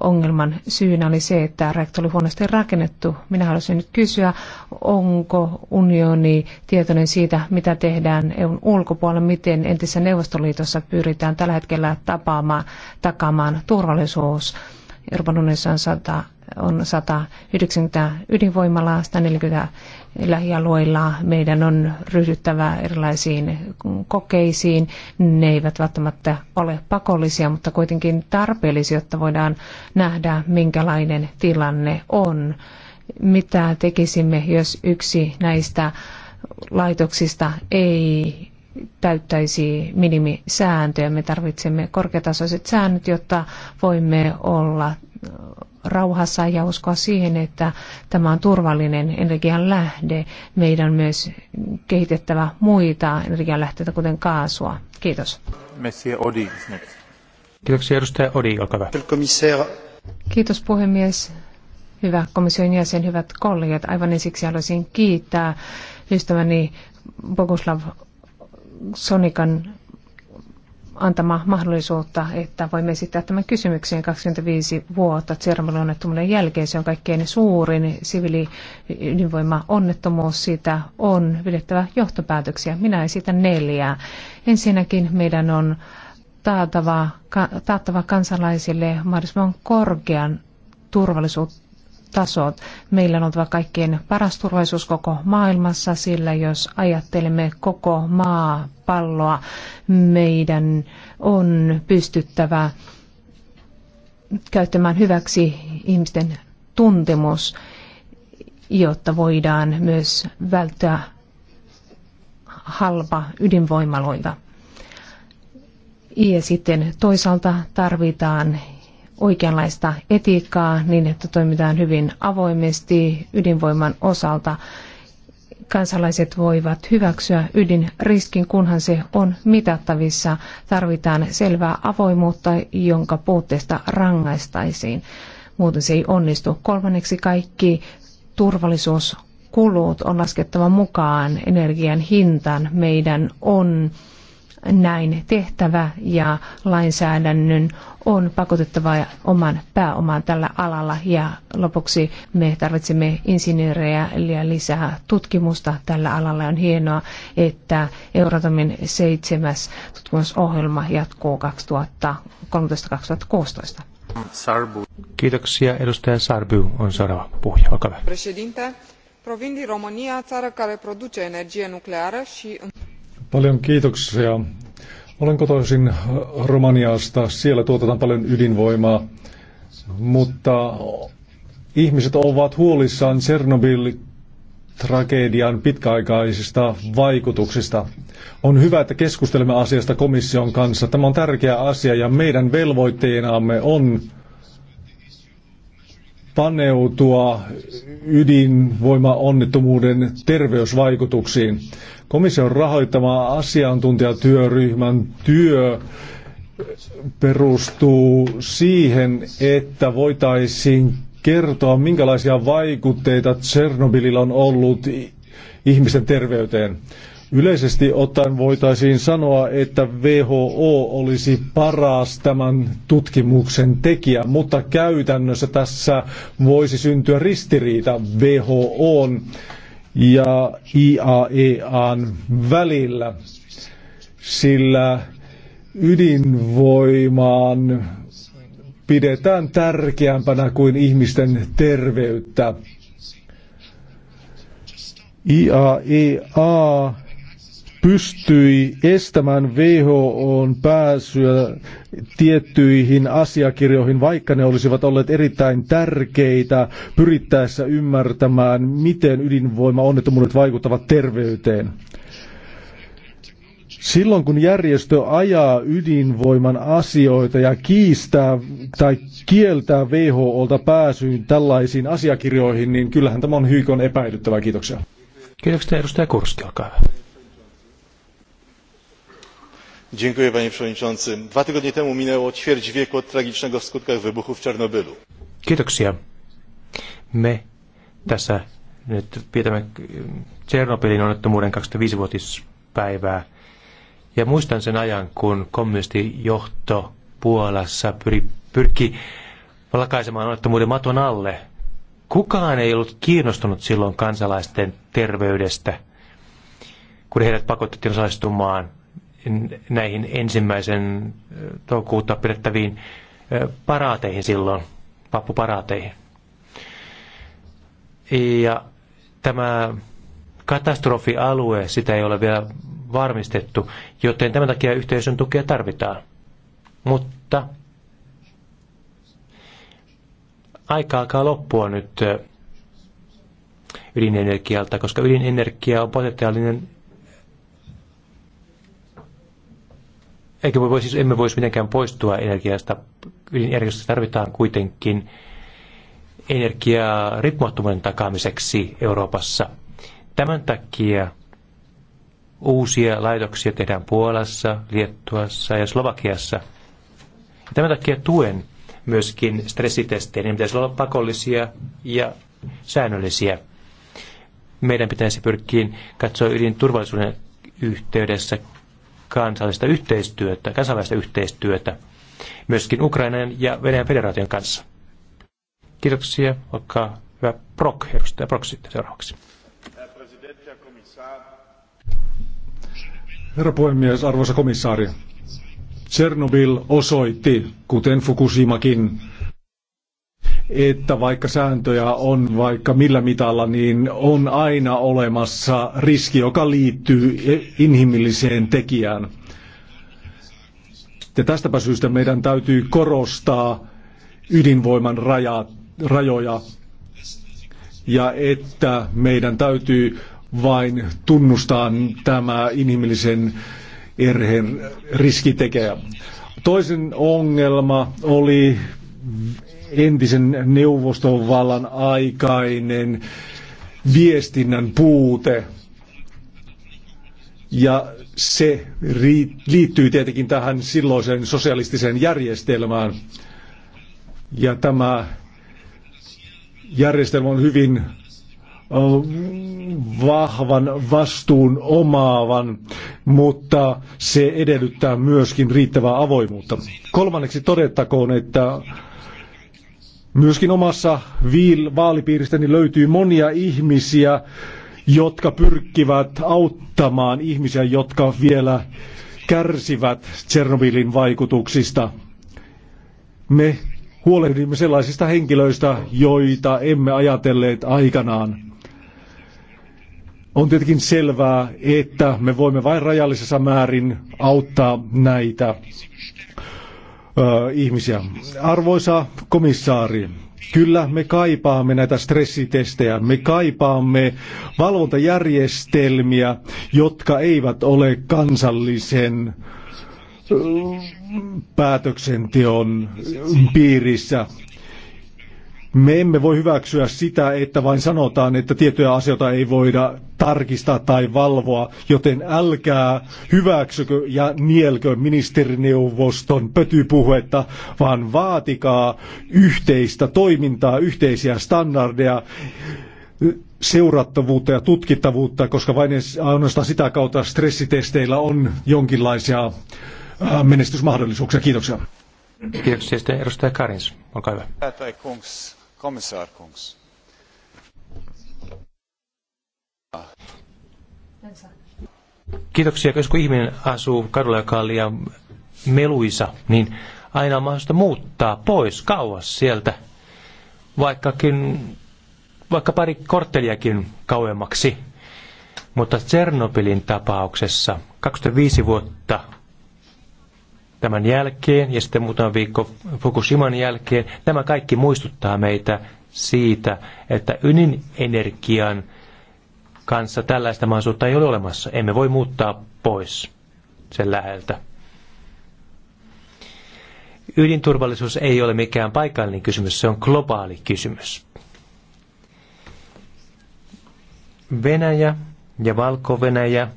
ongelman syynä oli se, että reaktori oli huonosti rakennettu. Minä haluaisin nyt kysyä, onko unioni tietoinen siitä, mitä tehdään EUn ulkopuolella, miten entisessä Neuvostoliitossa pyritään tällä hetkellä tapaamaan, takaamaan turvallisuus. Euroopan unionissa on, 100, on 190 ydinvoimalaa, 140 lähialueilla meidän on ryhdyttävä erilaisiin kokeisiin. Ne eivät välttämättä ole pakollisia, mutta kuitenkin tarpeellisia, jotta voidaan nähdä, minkälainen tilanne on. Mitä tekisimme, jos yksi näistä laitoksista ei täyttäisi minimisääntöjä. Me tarvitsemme korkeatasoiset säännöt, jotta voimme olla rauhassa ja uskoa siihen, että tämä on turvallinen energian lähde. Meidän on myös kehitettävä muita energianlähteitä, kuten kaasua. Kiitos. Monsieur Odi. Kiitoksia edustaja Odi, olkaa hyvä. Kiitos puhemies. Hyvä komission jäsen, hyvät kollegat. Aivan ensiksi haluaisin kiittää ystäväni Boguslav Sonikan antama mahdollisuutta, että voimme esittää tämän kysymyksen 25 vuotta Tsernobylin onnettomuuden jälkeen. Se on kaikkein suurin onnettomuus Siitä on pidettävä johtopäätöksiä. Minä esitän neljää. Ensinnäkin meidän on taattava, taattava kansalaisille mahdollisimman korkean turvallisuutta tasot. Meillä on oltava kaikkein paras turvallisuus koko maailmassa, sillä jos ajattelemme koko maapalloa, meidän on pystyttävä käyttämään hyväksi ihmisten tuntemus, jotta voidaan myös välttää halpa ydinvoimaloita. Ja sitten toisaalta tarvitaan oikeanlaista etiikkaa niin, että toimitaan hyvin avoimesti ydinvoiman osalta. Kansalaiset voivat hyväksyä ydinriskin, kunhan se on mitattavissa. Tarvitaan selvää avoimuutta, jonka puutteesta rangaistaisiin. Muuten se ei onnistu. Kolmanneksi kaikki turvallisuuskulut on laskettava mukaan energian hintaan. Meidän on näin tehtävä ja lainsäädännön on pakotettava oman pääomaan tällä alalla ja lopuksi me tarvitsemme insinöörejä ja lisää tutkimusta tällä alalla. On hienoa, että Euratomin seitsemäs tutkimusohjelma jatkuu 2013-2016. Sarbu. Kiitoksia. Edustaja Sarbu on seuraava puhuja. Olkaa hyvä. Președinte, provin din România, țară care produce energie nucleară și... Paljon kiitoksia. Olen kotoisin Romaniasta. Siellä tuotetaan paljon ydinvoimaa, mutta ihmiset ovat huolissaan Tsernobyl tragedian pitkäaikaisista vaikutuksista. On hyvä, että keskustelemme asiasta komission kanssa. Tämä on tärkeä asia ja meidän velvoitteenamme on paneutua ydinvoimaonnettomuuden terveysvaikutuksiin. Komission rahoittama asiantuntijatyöryhmän työ perustuu siihen, että voitaisiin kertoa, minkälaisia vaikutteita Tsernobylillä on ollut ihmisten terveyteen. Yleisesti ottaen voitaisiin sanoa, että WHO olisi paras tämän tutkimuksen tekijä, mutta käytännössä tässä voisi syntyä ristiriita WHOn ja IAEAn välillä, sillä ydinvoimaan pidetään tärkeämpänä kuin ihmisten terveyttä. IAEA e pystyi estämään WHOn pääsyä tiettyihin asiakirjoihin, vaikka ne olisivat olleet erittäin tärkeitä pyrittäessä ymmärtämään, miten ydinvoimaonnettomuudet vaikuttavat terveyteen. Silloin kun järjestö ajaa ydinvoiman asioita ja kiistää tai kieltää WHOlta pääsyyn tällaisiin asiakirjoihin, niin kyllähän tämä on hyikon epäilyttävää. Kiitoksia. Kiitoksia edustaja Kurski, olkaa hyvä dwa tygodnie temu minęło ćwierć wieku od tragicznego w skutkach wybuchu w czarnobylu. Kiitoksia. Me tässä nyt vietämme Tsernobylin onnettomuuden 25-vuotispäivää. Ja muistan sen ajan, kun kommunistijohto Puolassa pyri, pyrki lakaisemaan onnettomuuden maton alle. Kukaan ei ollut kiinnostunut silloin kansalaisten terveydestä, kun heidät pakotettiin osallistumaan näihin ensimmäisen toukokuuta pidettäviin paraateihin silloin, vappuparaateihin. Ja tämä katastrofialue, sitä ei ole vielä varmistettu, joten tämän takia yhteisön tukea tarvitaan. Mutta aika alkaa loppua nyt ydinenergialta, koska ydinenergia on potentiaalinen eikä voi, siis emme voisi mitenkään poistua energiasta. Ydinenergiasta tarvitaan kuitenkin energiaa riippumattomuuden takaamiseksi Euroopassa. Tämän takia uusia laitoksia tehdään Puolassa, Liettuassa ja Slovakiassa. Ja tämän takia tuen myöskin stressitestejä. Ne pitäisi olla pakollisia ja säännöllisiä. Meidän pitäisi pyrkiä katsoa ydinturvallisuuden yhteydessä kansallista yhteistyötä, kansainvälistä yhteistyötä myöskin Ukrainan ja Venäjän federaation kanssa. Kiitoksia. Olkaa hyvä Brock, edustaja Prok sitten seuraavaksi. Herra puhemies, arvoisa komissaari. Tsernobyl osoitti, kuten Fukushimakin, että vaikka sääntöjä on vaikka millä mitalla, niin on aina olemassa riski, joka liittyy inhimilliseen tekijään. Ja tästäpä syystä meidän täytyy korostaa ydinvoiman raja, rajoja ja että meidän täytyy vain tunnustaa tämä inhimillisen erheen riskitekijä. Toisen ongelma oli entisen neuvostovallan aikainen viestinnän puute. Ja se liittyy tietenkin tähän silloiseen sosialistiseen järjestelmään. Ja tämä järjestelmä on hyvin vahvan vastuun omaavan, mutta se edellyttää myöskin riittävää avoimuutta. Kolmanneksi todettakoon, että Myöskin omassa vaalipiiristäni löytyy monia ihmisiä, jotka pyrkivät auttamaan ihmisiä, jotka vielä kärsivät Tsernobylin vaikutuksista. Me huolehdimme sellaisista henkilöistä, joita emme ajatelleet aikanaan. On tietenkin selvää, että me voimme vain rajallisessa määrin auttaa näitä ihmisiä. Arvoisa komissaari, Kyllä me kaipaamme näitä stressitestejä, me kaipaamme valvontajärjestelmiä, jotka eivät ole kansallisen päätöksenteon piirissä. Me emme voi hyväksyä sitä, että vain sanotaan, että tiettyjä asioita ei voida tarkistaa tai valvoa, joten älkää hyväksykö ja nielkö ministerineuvoston pötypuhetta, vaan vaatikaa yhteistä toimintaa, yhteisiä standardeja, seurattavuutta ja tutkittavuutta, koska vain ainoastaan sitä kautta stressitesteillä on jonkinlaisia äh, menestysmahdollisuuksia. Kiitoksia. Kiitoksia. edustaja Karins, olkaa hyvä komisārkungs. Kiitoksia, Jos ihminen asuu kadulla, joka on liian meluisa, niin aina on mahdollista muuttaa pois kauas sieltä, vaikkakin, vaikka pari kortteliakin kauemmaksi. Mutta Tsernobylin tapauksessa 25 vuotta tämän jälkeen ja sitten muutaman viikko Fukushiman jälkeen, tämä kaikki muistuttaa meitä siitä, että ydinenergian kanssa tällaista mahdollisuutta ei ole olemassa. Emme voi muuttaa pois sen läheltä. Ydinturvallisuus ei ole mikään paikallinen kysymys, se on globaali kysymys. Venäjä ja Valko-Venäjä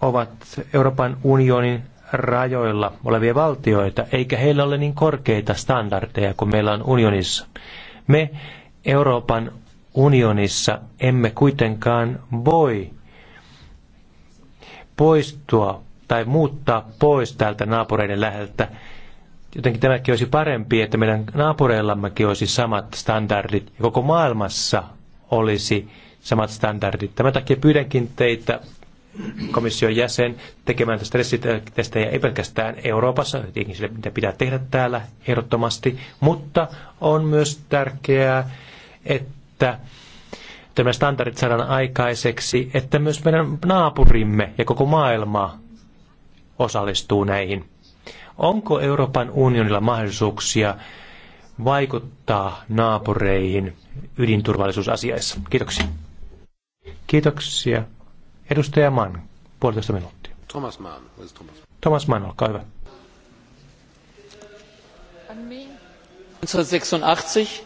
ovat Euroopan unionin rajoilla olevia valtioita, eikä heillä ole niin korkeita standardeja kuin meillä on unionissa. Me Euroopan unionissa emme kuitenkaan voi poistua tai muuttaa pois täältä naapureiden läheltä. Jotenkin tämäkin olisi parempi, että meidän naapureillammekin olisi samat standardit ja koko maailmassa olisi samat standardit. Tämän takia pyydänkin teitä komission jäsen tekemään stressitestejä ei pelkästään Euroopassa, tietenkin mitä pitää tehdä täällä ehdottomasti, mutta on myös tärkeää, että tämä standardit saadaan aikaiseksi, että myös meidän naapurimme ja koko maailma osallistuu näihin. Onko Euroopan unionilla mahdollisuuksia vaikuttaa naapureihin ydinturvallisuusasiaissa? Kiitoksia. Kiitoksia. Edustaja Mann, puolitoista minuuttia. Thomas Mann. Thomas? Thomas Mann, olkaa hyvä. 1986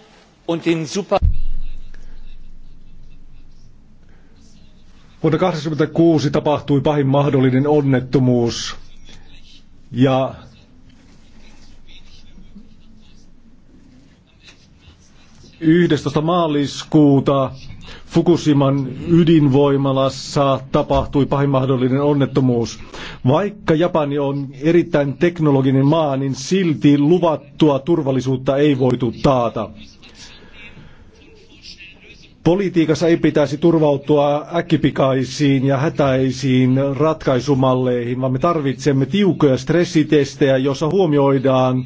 Vuonna 1986 tapahtui pahin mahdollinen onnettomuus ja yhdestoista maaliskuuta Fukushiman ydinvoimalassa tapahtui pahin mahdollinen onnettomuus. Vaikka Japani on erittäin teknologinen maa, niin silti luvattua turvallisuutta ei voitu taata. Politiikassa ei pitäisi turvautua äkkipikaisiin ja hätäisiin ratkaisumalleihin, vaan me tarvitsemme tiukkoja stressitestejä, joissa huomioidaan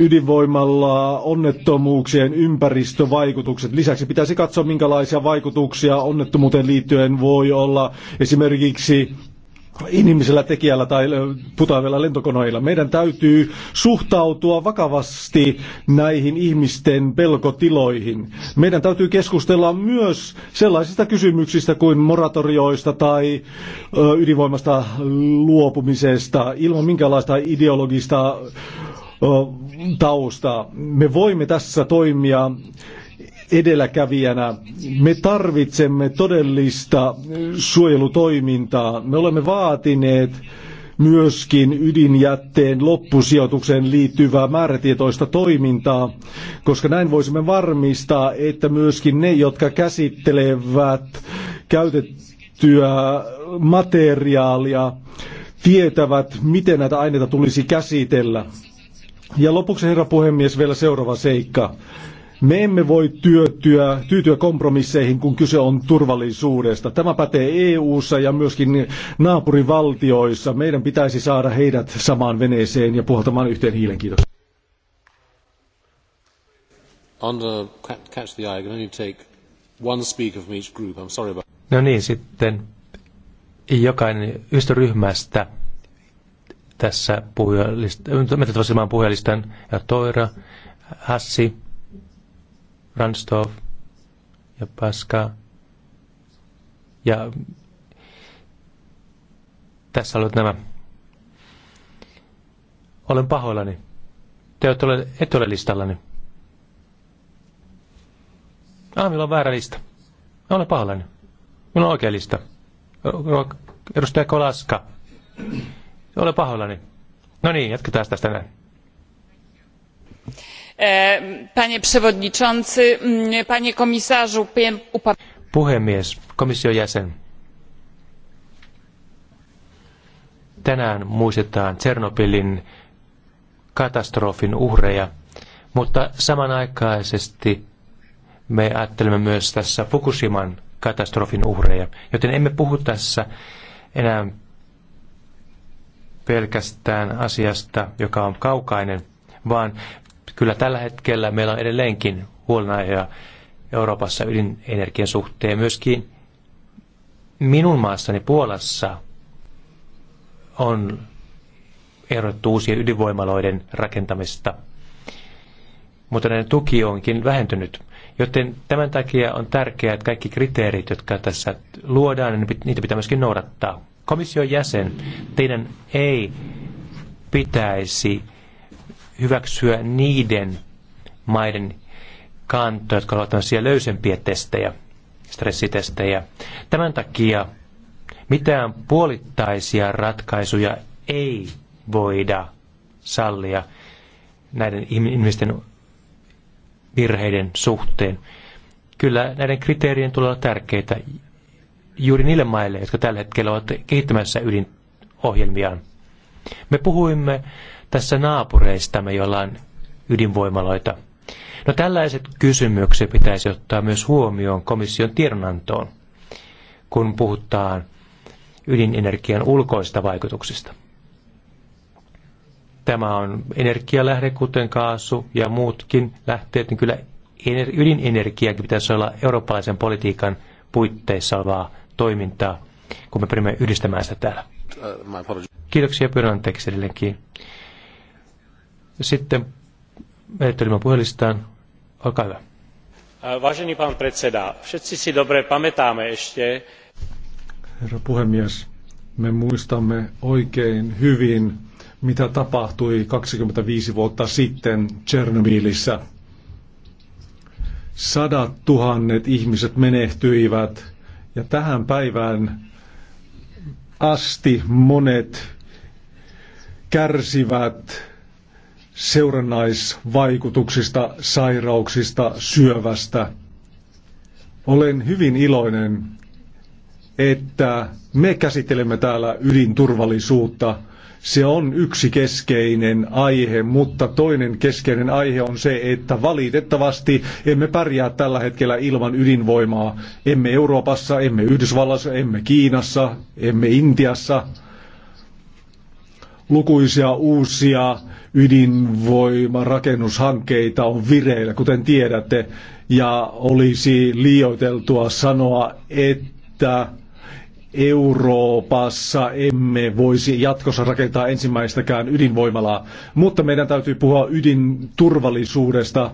ydinvoimalla onnettomuuksien ympäristövaikutukset. Lisäksi pitäisi katsoa, minkälaisia vaikutuksia onnettomuuteen liittyen voi olla esimerkiksi inhimillisellä tekijällä tai putoavilla lentokoneilla. Meidän täytyy suhtautua vakavasti näihin ihmisten pelkotiloihin. Meidän täytyy keskustella myös sellaisista kysymyksistä kuin moratorioista tai ydinvoimasta luopumisesta ilman minkälaista ideologista tausta. Me voimme tässä toimia edelläkävijänä. Me tarvitsemme todellista suojelutoimintaa. Me olemme vaatineet myöskin ydinjätteen loppusijoitukseen liittyvää määrätietoista toimintaa, koska näin voisimme varmistaa, että myöskin ne, jotka käsittelevät käytettyä materiaalia, tietävät, miten näitä aineita tulisi käsitellä. Ja lopuksi, herra puhemies, vielä seuraava seikka. Me emme voi työtyä, tyytyä kompromisseihin, kun kyse on turvallisuudesta. Tämä pätee EU-ssa ja myöskin naapurivaltioissa. Meidän pitäisi saada heidät samaan veneeseen ja puhaltamaan yhteen hiilen. Kiitos. No niin, sitten jokainen yhdestä ryhmästä tässä metrotosilmaan puhujalistan ja Toira, Hassi, Ranstov ja Paska. Ja tässä olet nämä. Olen pahoillani. Te et ole, et ole listallani. Ah, minulla on väärä lista. Olen pahoillani. Minulla on oikea lista. Edustaja Kolaska. Ole pahoillani. No niin, jatketaan tästä näin. Eh, panie przewodniczący, mm, panie komisarzu, puhemies, komission jäsen. Tänään muistetaan Tsernobylin katastrofin uhreja, mutta samanaikaisesti me ajattelemme myös tässä Fukushiman katastrofin uhreja, joten emme puhu tässä enää pelkästään asiasta, joka on kaukainen, vaan kyllä tällä hetkellä meillä on edelleenkin huolenaiheja Euroopassa ydinenergian suhteen. Myöskin minun maassani Puolassa on ehdotettu uusien ydinvoimaloiden rakentamista, mutta näiden tuki onkin vähentynyt. Joten tämän takia on tärkeää, että kaikki kriteerit, jotka tässä luodaan, niin niitä pitää myöskin noudattaa komission jäsen, teidän ei pitäisi hyväksyä niiden maiden kantoja, jotka ovat tämmöisiä löysempiä testejä, stressitestejä. Tämän takia mitään puolittaisia ratkaisuja ei voida sallia näiden ihmisten virheiden suhteen. Kyllä näiden kriteerien tulee olla tärkeitä juuri niille maille, jotka tällä hetkellä ovat kehittämässä ydinohjelmiaan. Me puhuimme tässä naapureistamme, joilla on ydinvoimaloita. No tällaiset kysymykset pitäisi ottaa myös huomioon komission tiedonantoon, kun puhutaan ydinenergian ulkoista vaikutuksista. Tämä on energialähde, kuten kaasu ja muutkin lähteet, niin kyllä ydinenergiakin pitäisi olla eurooppalaisen politiikan puitteissa olevaa toimintaa, kun me pyrimme yhdistämään sitä täällä. Kiitoksia, pyydän anteeksi edelleenkin. Sitten menettelymä puhelistaan. Olkaa hyvä. Vážený pán predseda, všetci si dobre pamätáme ešte. Herra puhemies, me muistamme oikein hyvin, mitä tapahtui 25 vuotta sitten Tchernobylissä. Sadat tuhannet ihmiset menehtyivät ja tähän päivään asti monet kärsivät seurannaisvaikutuksista, sairauksista, syövästä. Olen hyvin iloinen, että me käsittelemme täällä ydinturvallisuutta – se on yksi keskeinen aihe, mutta toinen keskeinen aihe on se, että valitettavasti emme pärjää tällä hetkellä ilman ydinvoimaa. Emme Euroopassa, emme Yhdysvallassa, emme Kiinassa, emme Intiassa. Lukuisia uusia ydinvoimarakennushankkeita on vireillä, kuten tiedätte, ja olisi liioiteltua sanoa, että Euroopassa emme voisi jatkossa rakentaa ensimmäistäkään ydinvoimalaa, mutta meidän täytyy puhua ydinturvallisuudesta.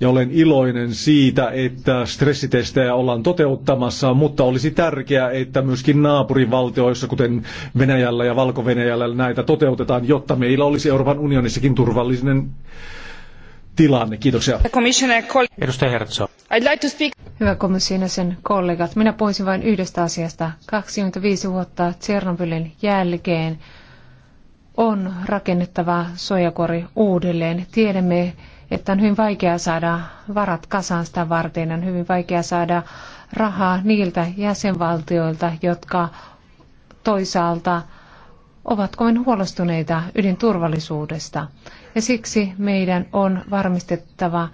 Ja olen iloinen siitä, että stressitestejä ollaan toteuttamassa, mutta olisi tärkeää, että myöskin naapurivaltioissa, kuten Venäjällä ja Valko-Venäjällä, näitä toteutetaan, jotta meillä olisi Euroopan unionissakin turvallinen tilanne. Kiitoksia. Edustaja Herzog. I'd like to speak. Hyvä komission sen kollegat, minä puhuisin vain yhdestä asiasta. 25 vuotta Tsernobylin jälkeen on rakennettava suojakori uudelleen. Tiedämme, että on hyvin vaikea saada varat kasaan sitä varten, on hyvin vaikea saada rahaa niiltä jäsenvaltioilta, jotka toisaalta – ovat kovin huolestuneita ydinturvallisuudesta. Ja siksi meidän on varmistettava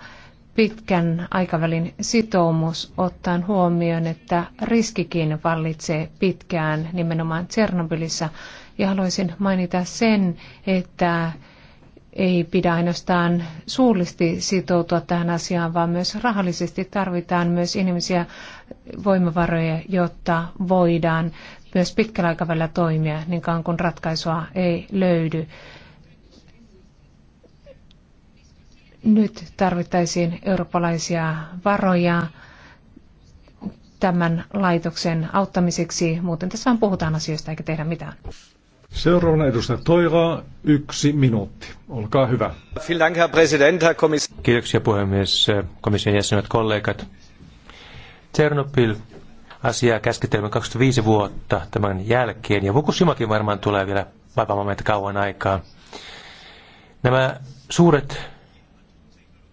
pitkän aikavälin sitoumus ottaen huomioon, että riskikin vallitsee pitkään nimenomaan Tsernobylissä. Ja haluaisin mainita sen, että ei pidä ainoastaan suullisesti sitoutua tähän asiaan, vaan myös rahallisesti tarvitaan myös inhimillisiä voimavaroja, jotta voidaan myös pitkällä aikavälillä toimia, niin kauan kun ratkaisua ei löydy. Nyt tarvittaisiin eurooppalaisia varoja tämän laitoksen auttamiseksi. Muuten tässä vaan puhutaan asioista eikä tehdä mitään. Seuraavana edustaja Toiraa, yksi minuutti. Olkaa hyvä. Kiitoksia puhemies, komission jäsenet, kollegat. Ternopil asiaa käskitelmä 25 vuotta tämän jälkeen, ja Fukushimakin varmaan tulee vielä vaivaamaan meitä kauan aikaa. Nämä suuret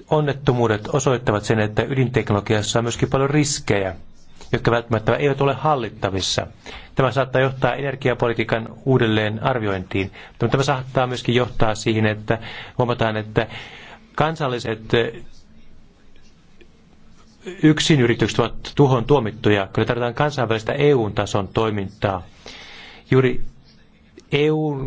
onnettomuudet osoittavat sen, että ydinteknologiassa on myöskin paljon riskejä, jotka välttämättä eivät ole hallittavissa. Tämä saattaa johtaa energiapolitiikan uudelleen arviointiin, mutta tämä saattaa myöskin johtaa siihen, että huomataan, että kansalliset yksin yritykset ovat tuhon tuomittuja. Kyllä tarvitaan kansainvälistä EU-tason toimintaa. Juuri eu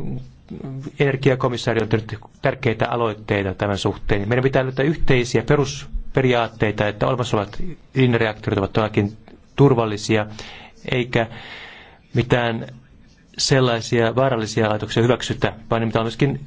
energiakomissaari on tehnyt tärkeitä aloitteita tämän suhteen. Meidän pitää löytää yhteisiä perusperiaatteita, että olemassa olevat ydinreaktorit ovat todellakin turvallisia, eikä mitään sellaisia vaarallisia laitoksia hyväksytä, vaan mitä on myöskin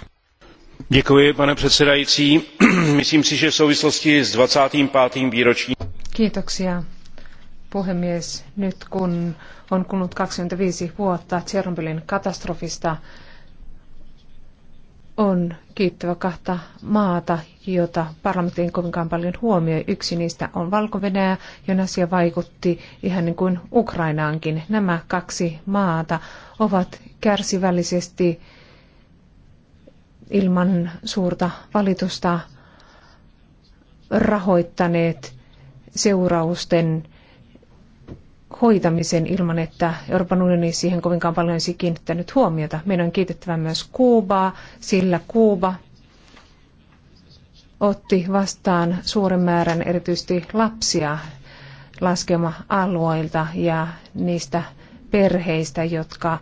pane předsedající. <clears throat> Myslím si, že v souvislosti s 25. výročím... Kiitoksia, puhemies. Nyt kun on kulunut 25 vuotta Tsernobylin katastrofista, on kiittävä kahta maata, joita parlamentti ei kovinkaan paljon huomioi. Yksi niistä on valko jon asia vaikutti ihan niin kuin Ukrainaankin. Nämä kaksi maata ovat kärsivällisesti ilman suurta valitusta rahoittaneet seurausten hoitamisen ilman, että Euroopan unioni siihen kovinkaan paljon olisi kiinnittänyt huomiota. Meidän on kiitettävä myös Kuubaa, sillä Kuuba otti vastaan suuren määrän erityisesti lapsia laskema-alueilta ja niistä perheistä, jotka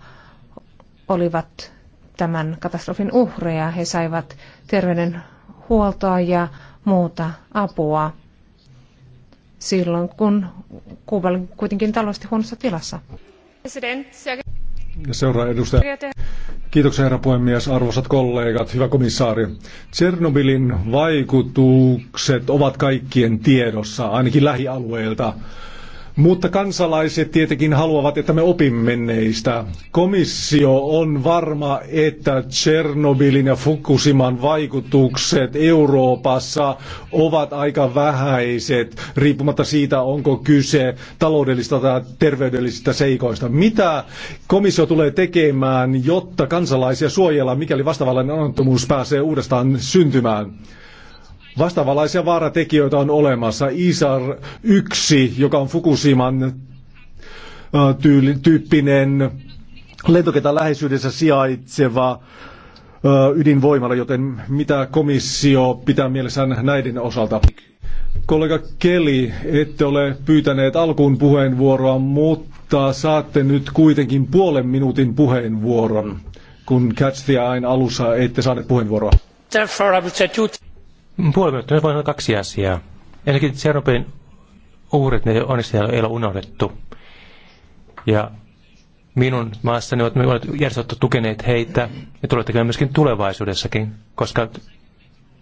olivat tämän katastrofin uhreja. He saivat terveydenhuoltoa ja muuta apua silloin, kun Kuuba oli kuitenkin taloudellisesti huonossa tilassa. Ja seuraa edustaja. Kiitoksia herra puhemies, arvoisat kollegat, hyvä komissaari. Tsernobylin vaikutukset ovat kaikkien tiedossa, ainakin lähialueilta. Mutta kansalaiset tietenkin haluavat, että me opimme menneistä. Komissio on varma, että Tchernobylin ja Fukushiman vaikutukset Euroopassa ovat aika vähäiset, riippumatta siitä, onko kyse taloudellista tai terveydellisistä seikoista. Mitä komissio tulee tekemään, jotta kansalaisia suojellaan, mikäli vastaavallainen onnettomuus pääsee uudestaan syntymään? Vastaavanlaisia vaaratekijöitä on olemassa. ISAR 1, joka on Fukushiman tyyppinen lentokentän läheisyydessä sijaitseva ydinvoimalla, joten mitä komissio pitää mielessään näiden osalta? Kollega Keli, ette ole pyytäneet alkuun puheenvuoroa, mutta saatte nyt kuitenkin puolen minuutin puheenvuoron, kun Catch the Eye alussa ette saaneet puheenvuoroa. Puolimattomuus voi olla kaksi asiaa. Ensinnäkin Tsernobylin uhrit, ne onneksi ei ole unohdettu. Ja minun maassani ovat järjestöt tukeneet heitä ja tulette myöskin tulevaisuudessakin, koska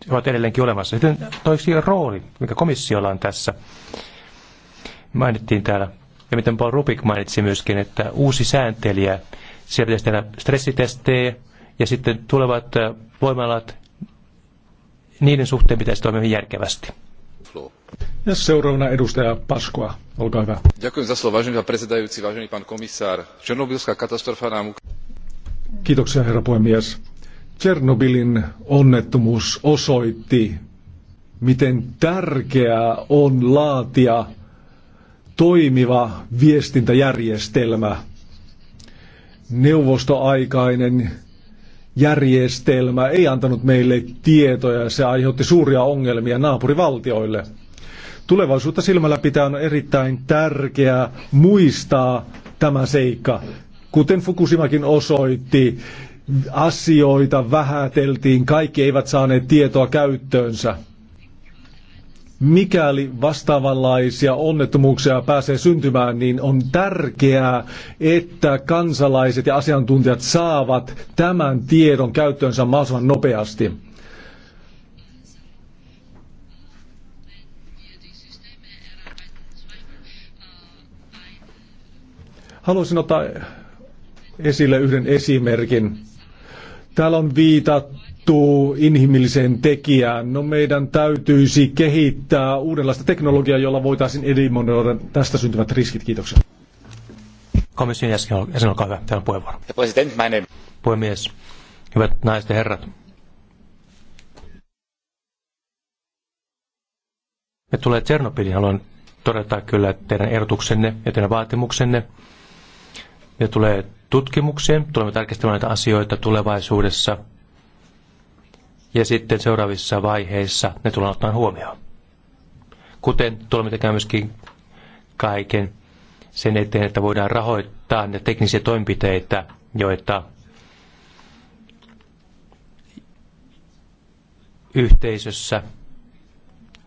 he ovat edelleenkin olemassa. Sitten toisi rooli, mikä komissiolla on tässä. Mainittiin täällä, ja miten Paul Rubik mainitsi myöskin, että uusi sääntelijä, siellä pitäisi tehdä stressitestejä ja sitten tulevat äh, voimalat niiden suhteen pitäisi toimia järkevästi. Ja seuraavana edustaja Paskoa, olkaa hyvä. Ďakujem za slovo, vážený pán predsedajúci, vážený pán komisár. Černobylská katastrofa nám... Kiitoksia, herra puhemies. Tchernobylin onnettomuus osoitti, miten tärkeää on laatia toimiva viestintäjärjestelmä. Neuvostoaikainen järjestelmä ei antanut meille tietoja. Se aiheutti suuria ongelmia naapurivaltioille. Tulevaisuutta silmällä pitää on erittäin tärkeää muistaa tämä seikka. Kuten Fukushimakin osoitti, asioita vähäteltiin, kaikki eivät saaneet tietoa käyttöönsä mikäli vastaavanlaisia onnettomuuksia pääsee syntymään, niin on tärkeää, että kansalaiset ja asiantuntijat saavat tämän tiedon käyttöönsä mahdollisimman nopeasti. Haluaisin ottaa esille yhden esimerkin. Täällä on viitattu puuttuu inhimilliseen tekijään. No meidän täytyisi kehittää uudenlaista teknologiaa, jolla voitaisiin eliminoida tästä syntyvät riskit. Kiitoksia. Komission jäsen, olkaa hyvä. Teillä on puheenvuoro. Puhemies, hyvät naiset ja herrat. Me tulee Tsernobyliin, haluan todeta kyllä teidän ehdotuksenne ja teidän vaatimuksenne. Me tulee tutkimukseen, tulemme tarkistamaan näitä asioita tulevaisuudessa – ja sitten seuraavissa vaiheissa ne tullaan ottamaan huomioon. Kuten tulemme tekemään myöskin kaiken sen eteen, että voidaan rahoittaa ne teknisiä toimenpiteitä, joita yhteisössä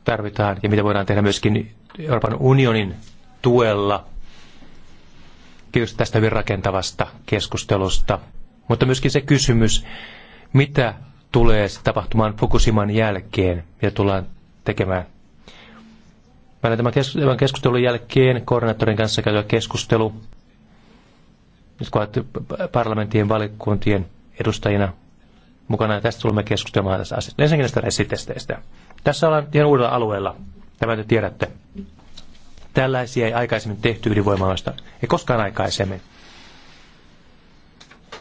tarvitaan ja mitä voidaan tehdä myöskin Euroopan unionin tuella. Kiitos tästä hyvin rakentavasta keskustelusta. Mutta myöskin se kysymys, mitä tulee tapahtumaan Fukushiman jälkeen ja tullaan tekemään. Meillä tämän keskustelun jälkeen koordinaattorin kanssa käytyä keskustelu, nyt kun parlamenttien valikuntien edustajina mukana, ja niin tästä tulemme keskustelemaan tästä asiassa. Ensinnäkin näistä resitesteistä. Tässä ollaan ihan uudella alueella, tämä te tiedätte. Tällaisia ei aikaisemmin tehty ydinvoimaloista, ei koskaan aikaisemmin.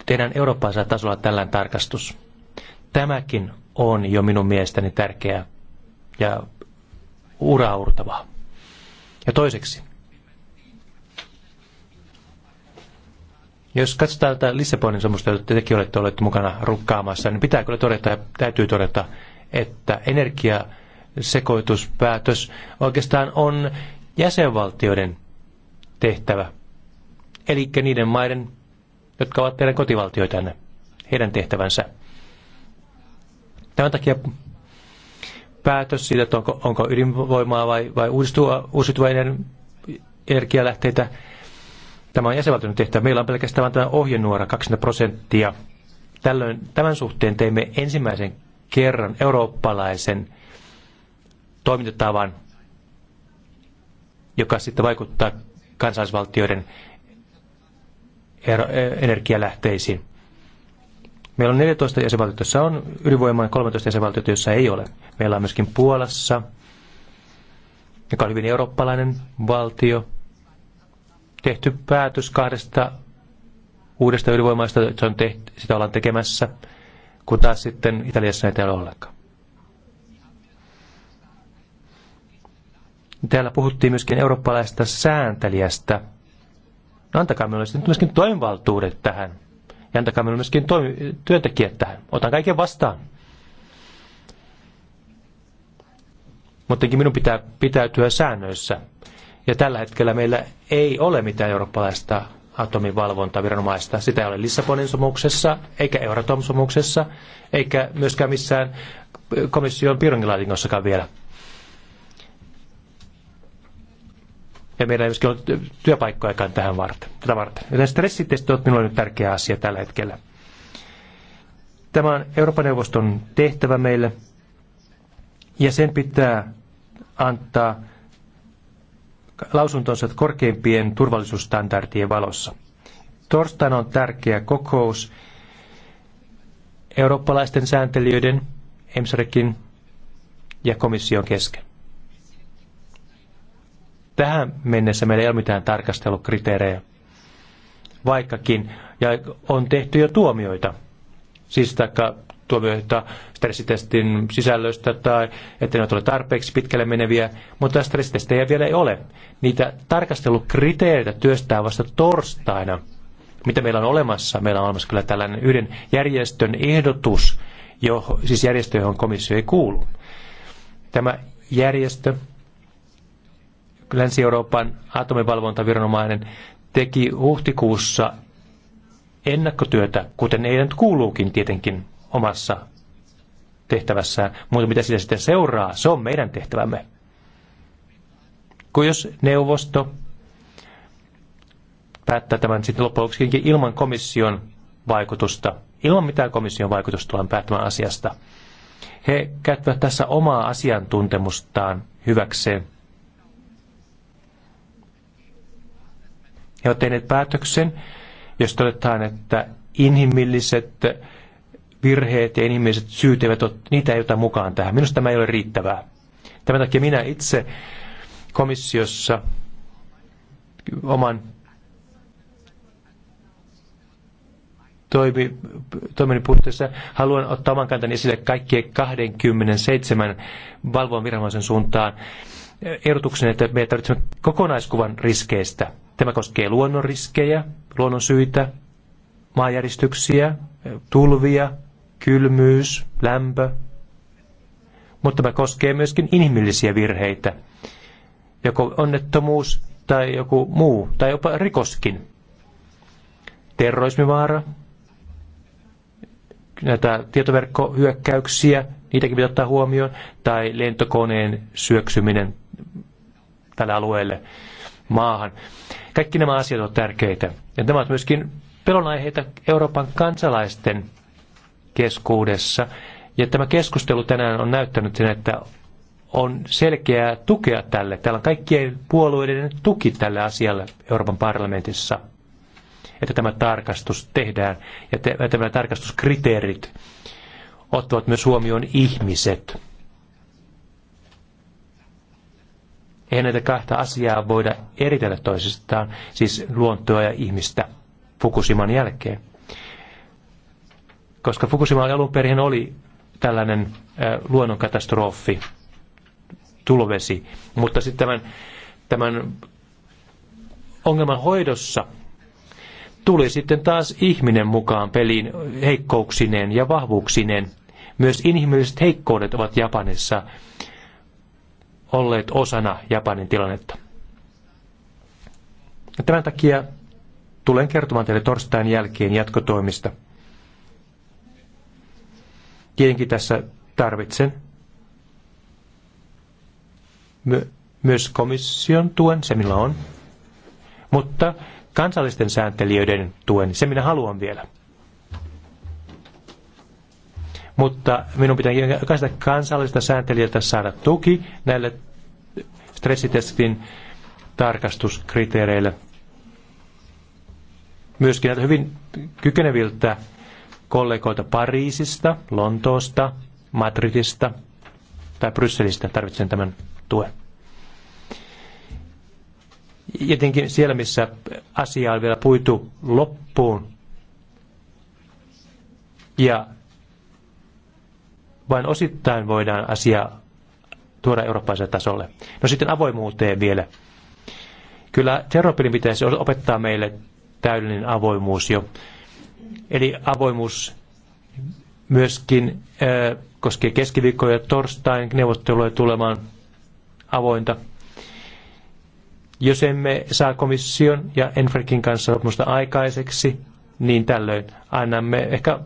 Tehdään Eurooppaisella tasolla tällainen tarkastus Tämäkin on jo minun mielestäni tärkeää ja uraurtavaa. Ja toiseksi, jos katsotaan tätä Lissabonin sopimusta, jota tekin olette olleet mukana rukkaamassa, niin pitää kyllä todeta, täytyy todeta, että energiasekoituspäätös oikeastaan on jäsenvaltioiden tehtävä. Eli niiden maiden, jotka ovat teidän kotivaltioitanne, heidän tehtävänsä. Tämän takia päätös siitä, että onko, onko ydinvoimaa vai, vai uusiutuvaa, energialähteitä, tämä on jäsenvaltion tehtävä. Meillä on pelkästään tämä ohjenuora 20 prosenttia. Tällöin, tämän suhteen teimme ensimmäisen kerran eurooppalaisen toimintatavan, joka sitten vaikuttaa kansallisvaltioiden energialähteisiin. Meillä on 14 jäsenvaltiota, joissa on ydinvoimaa, 13 jäsenvaltiota, joissa ei ole. Meillä on myöskin Puolassa, joka on hyvin eurooppalainen valtio, tehty päätös kahdesta uudesta ydinvoimaista, että on tehty, sitä ollaan tekemässä, kun taas sitten Italiassa näitä ei ole ollenkaan. Täällä puhuttiin myöskin eurooppalaisesta sääntelijästä. No antakaa minulle sitten myöskin toimivaltuudet tähän ja antakaa minulle myöskin toimi, työntekijät tähän. Otan kaiken vastaan. Mutta minun pitää pitäytyä säännöissä. Ja tällä hetkellä meillä ei ole mitään eurooppalaista atomivalvontaviranomaista. Sitä ei ole Lissabonin sopimuksessa, eikä Euratom sopimuksessa, eikä myöskään missään komission piirongilaatikossakaan vielä. ja meillä ei myöskään ole työpaikkojakaan tähän varten, tätä varten. Joten stressitesti ovat minulle nyt tärkeä asia tällä hetkellä. Tämä on Euroopan neuvoston tehtävä meille, ja sen pitää antaa lausuntonsa korkeimpien turvallisuusstandardien valossa. Torstaina on tärkeä kokous eurooppalaisten sääntelijöiden, EMSREKin ja komission kesken. Tähän mennessä meillä ei ole mitään tarkastelukriteerejä, vaikkakin ja on tehty jo tuomioita, siis taikka tuomioita stressitestin sisällöstä tai että ne ole tarpeeksi pitkälle meneviä, mutta stressitestejä vielä ei ole. Niitä tarkastelukriteereitä työstää vasta torstaina, mitä meillä on olemassa. Meillä on olemassa kyllä tällainen yhden järjestön ehdotus, jo, siis järjestö, johon komissio ei kuulu. Tämä järjestö Länsi-Euroopan atomivalvontaviranomainen teki huhtikuussa ennakkotyötä, kuten ei nyt kuuluukin tietenkin omassa tehtävässään, mutta mitä sitä sitten seuraa, se on meidän tehtävämme. Kun jos neuvosto päättää tämän sitten loppujen ilman komission vaikutusta, ilman mitään komission vaikutusta tullaan päättämään asiasta, he käyttävät tässä omaa asiantuntemustaan hyväkseen He ovat tehneet päätöksen, jos todetaan, että inhimilliset virheet ja inhimilliset syyt eivät ole, niitä ei ota mukaan tähän. Minusta tämä ei ole riittävää. Tämän takia minä itse komissiossa oman toimi, toiminnin puitteissa haluan ottaa oman kantani esille kaikkien 27 valvon viranomaisen suuntaan ehdotuksen, että me tarvitsemme kokonaiskuvan riskeistä Tämä koskee luonnonriskejä, luonnonsyitä, maanjäristyksiä, tulvia, kylmyys, lämpö, mutta tämä koskee myöskin inhimillisiä virheitä, joko onnettomuus tai joku muu, tai jopa rikoskin. Terrorismivaara, näitä tietoverkkohyökkäyksiä, niitäkin pitää ottaa huomioon, tai lentokoneen syöksyminen tälle alueelle maahan. Kaikki nämä asiat ovat tärkeitä. Ja nämä ovat myöskin pelonaiheita Euroopan kansalaisten keskuudessa. Ja tämä keskustelu tänään on näyttänyt sen, että on selkeää tukea tälle. Täällä on kaikkien puolueiden tuki tälle asialle Euroopan parlamentissa, että tämä tarkastus tehdään ja te, tämä tarkastuskriteerit ottavat myös huomioon ihmiset. Eihän näitä kahta asiaa voida eritellä toisistaan, siis luontoa ja ihmistä Fukushiman jälkeen. Koska Fukushima alun perin oli tällainen luonnonkatastrofi, tulvesi, mutta sitten tämän, tämän ongelman hoidossa tuli sitten taas ihminen mukaan peliin heikkouksineen ja vahvuuksineen. Myös inhimilliset heikkoudet ovat Japanissa olleet osana Japanin tilannetta. Tämän takia tulen kertomaan teille torstain jälkeen jatkotoimista. Tietenkin tässä tarvitsen my- myös komission tuen, se millä on, mutta kansallisten sääntelijöiden tuen, se minä haluan vielä – mutta minun pitää jokaista kansallista sääntelijältä saada tuki näille stressitestin tarkastuskriteereille. Myöskin näiltä hyvin kykeneviltä kollegoilta Pariisista, Lontoosta, Madridista tai Brysselistä tarvitsen tämän tuen. Jotenkin siellä, missä asia on vielä puitu loppuun ja vain osittain voidaan asia tuoda eurooppalaiselle tasolle. No sitten avoimuuteen vielä. Kyllä Tseropilin pitäisi opettaa meille täydellinen avoimuus jo. Eli avoimuus myöskin äh, koskee keskiviikkoja ja torstain neuvotteluja tulemaan avointa. Jos emme saa komission ja Enfrekin kanssa sopimusta aikaiseksi, niin tällöin annamme ehkä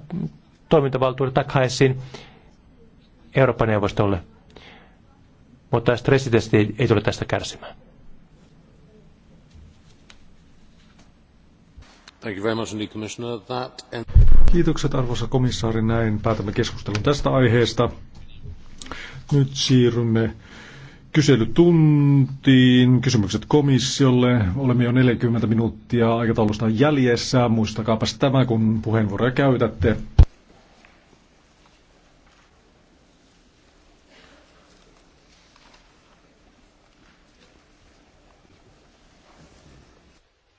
toimintavaltuudet takaisin Euroopan neuvostolle, mutta stressitesti ei tule tästä kärsimään. Thank you very much Commissioner. That Kiitokset arvoisa komissaari, näin päätämme keskustelun tästä aiheesta. Nyt siirrymme kyselytuntiin. Kysymykset komissiolle. Olemme jo 40 minuuttia aikataulusta jäljessä. Muistakaapas tämä, kun puheenvuoroja käytätte.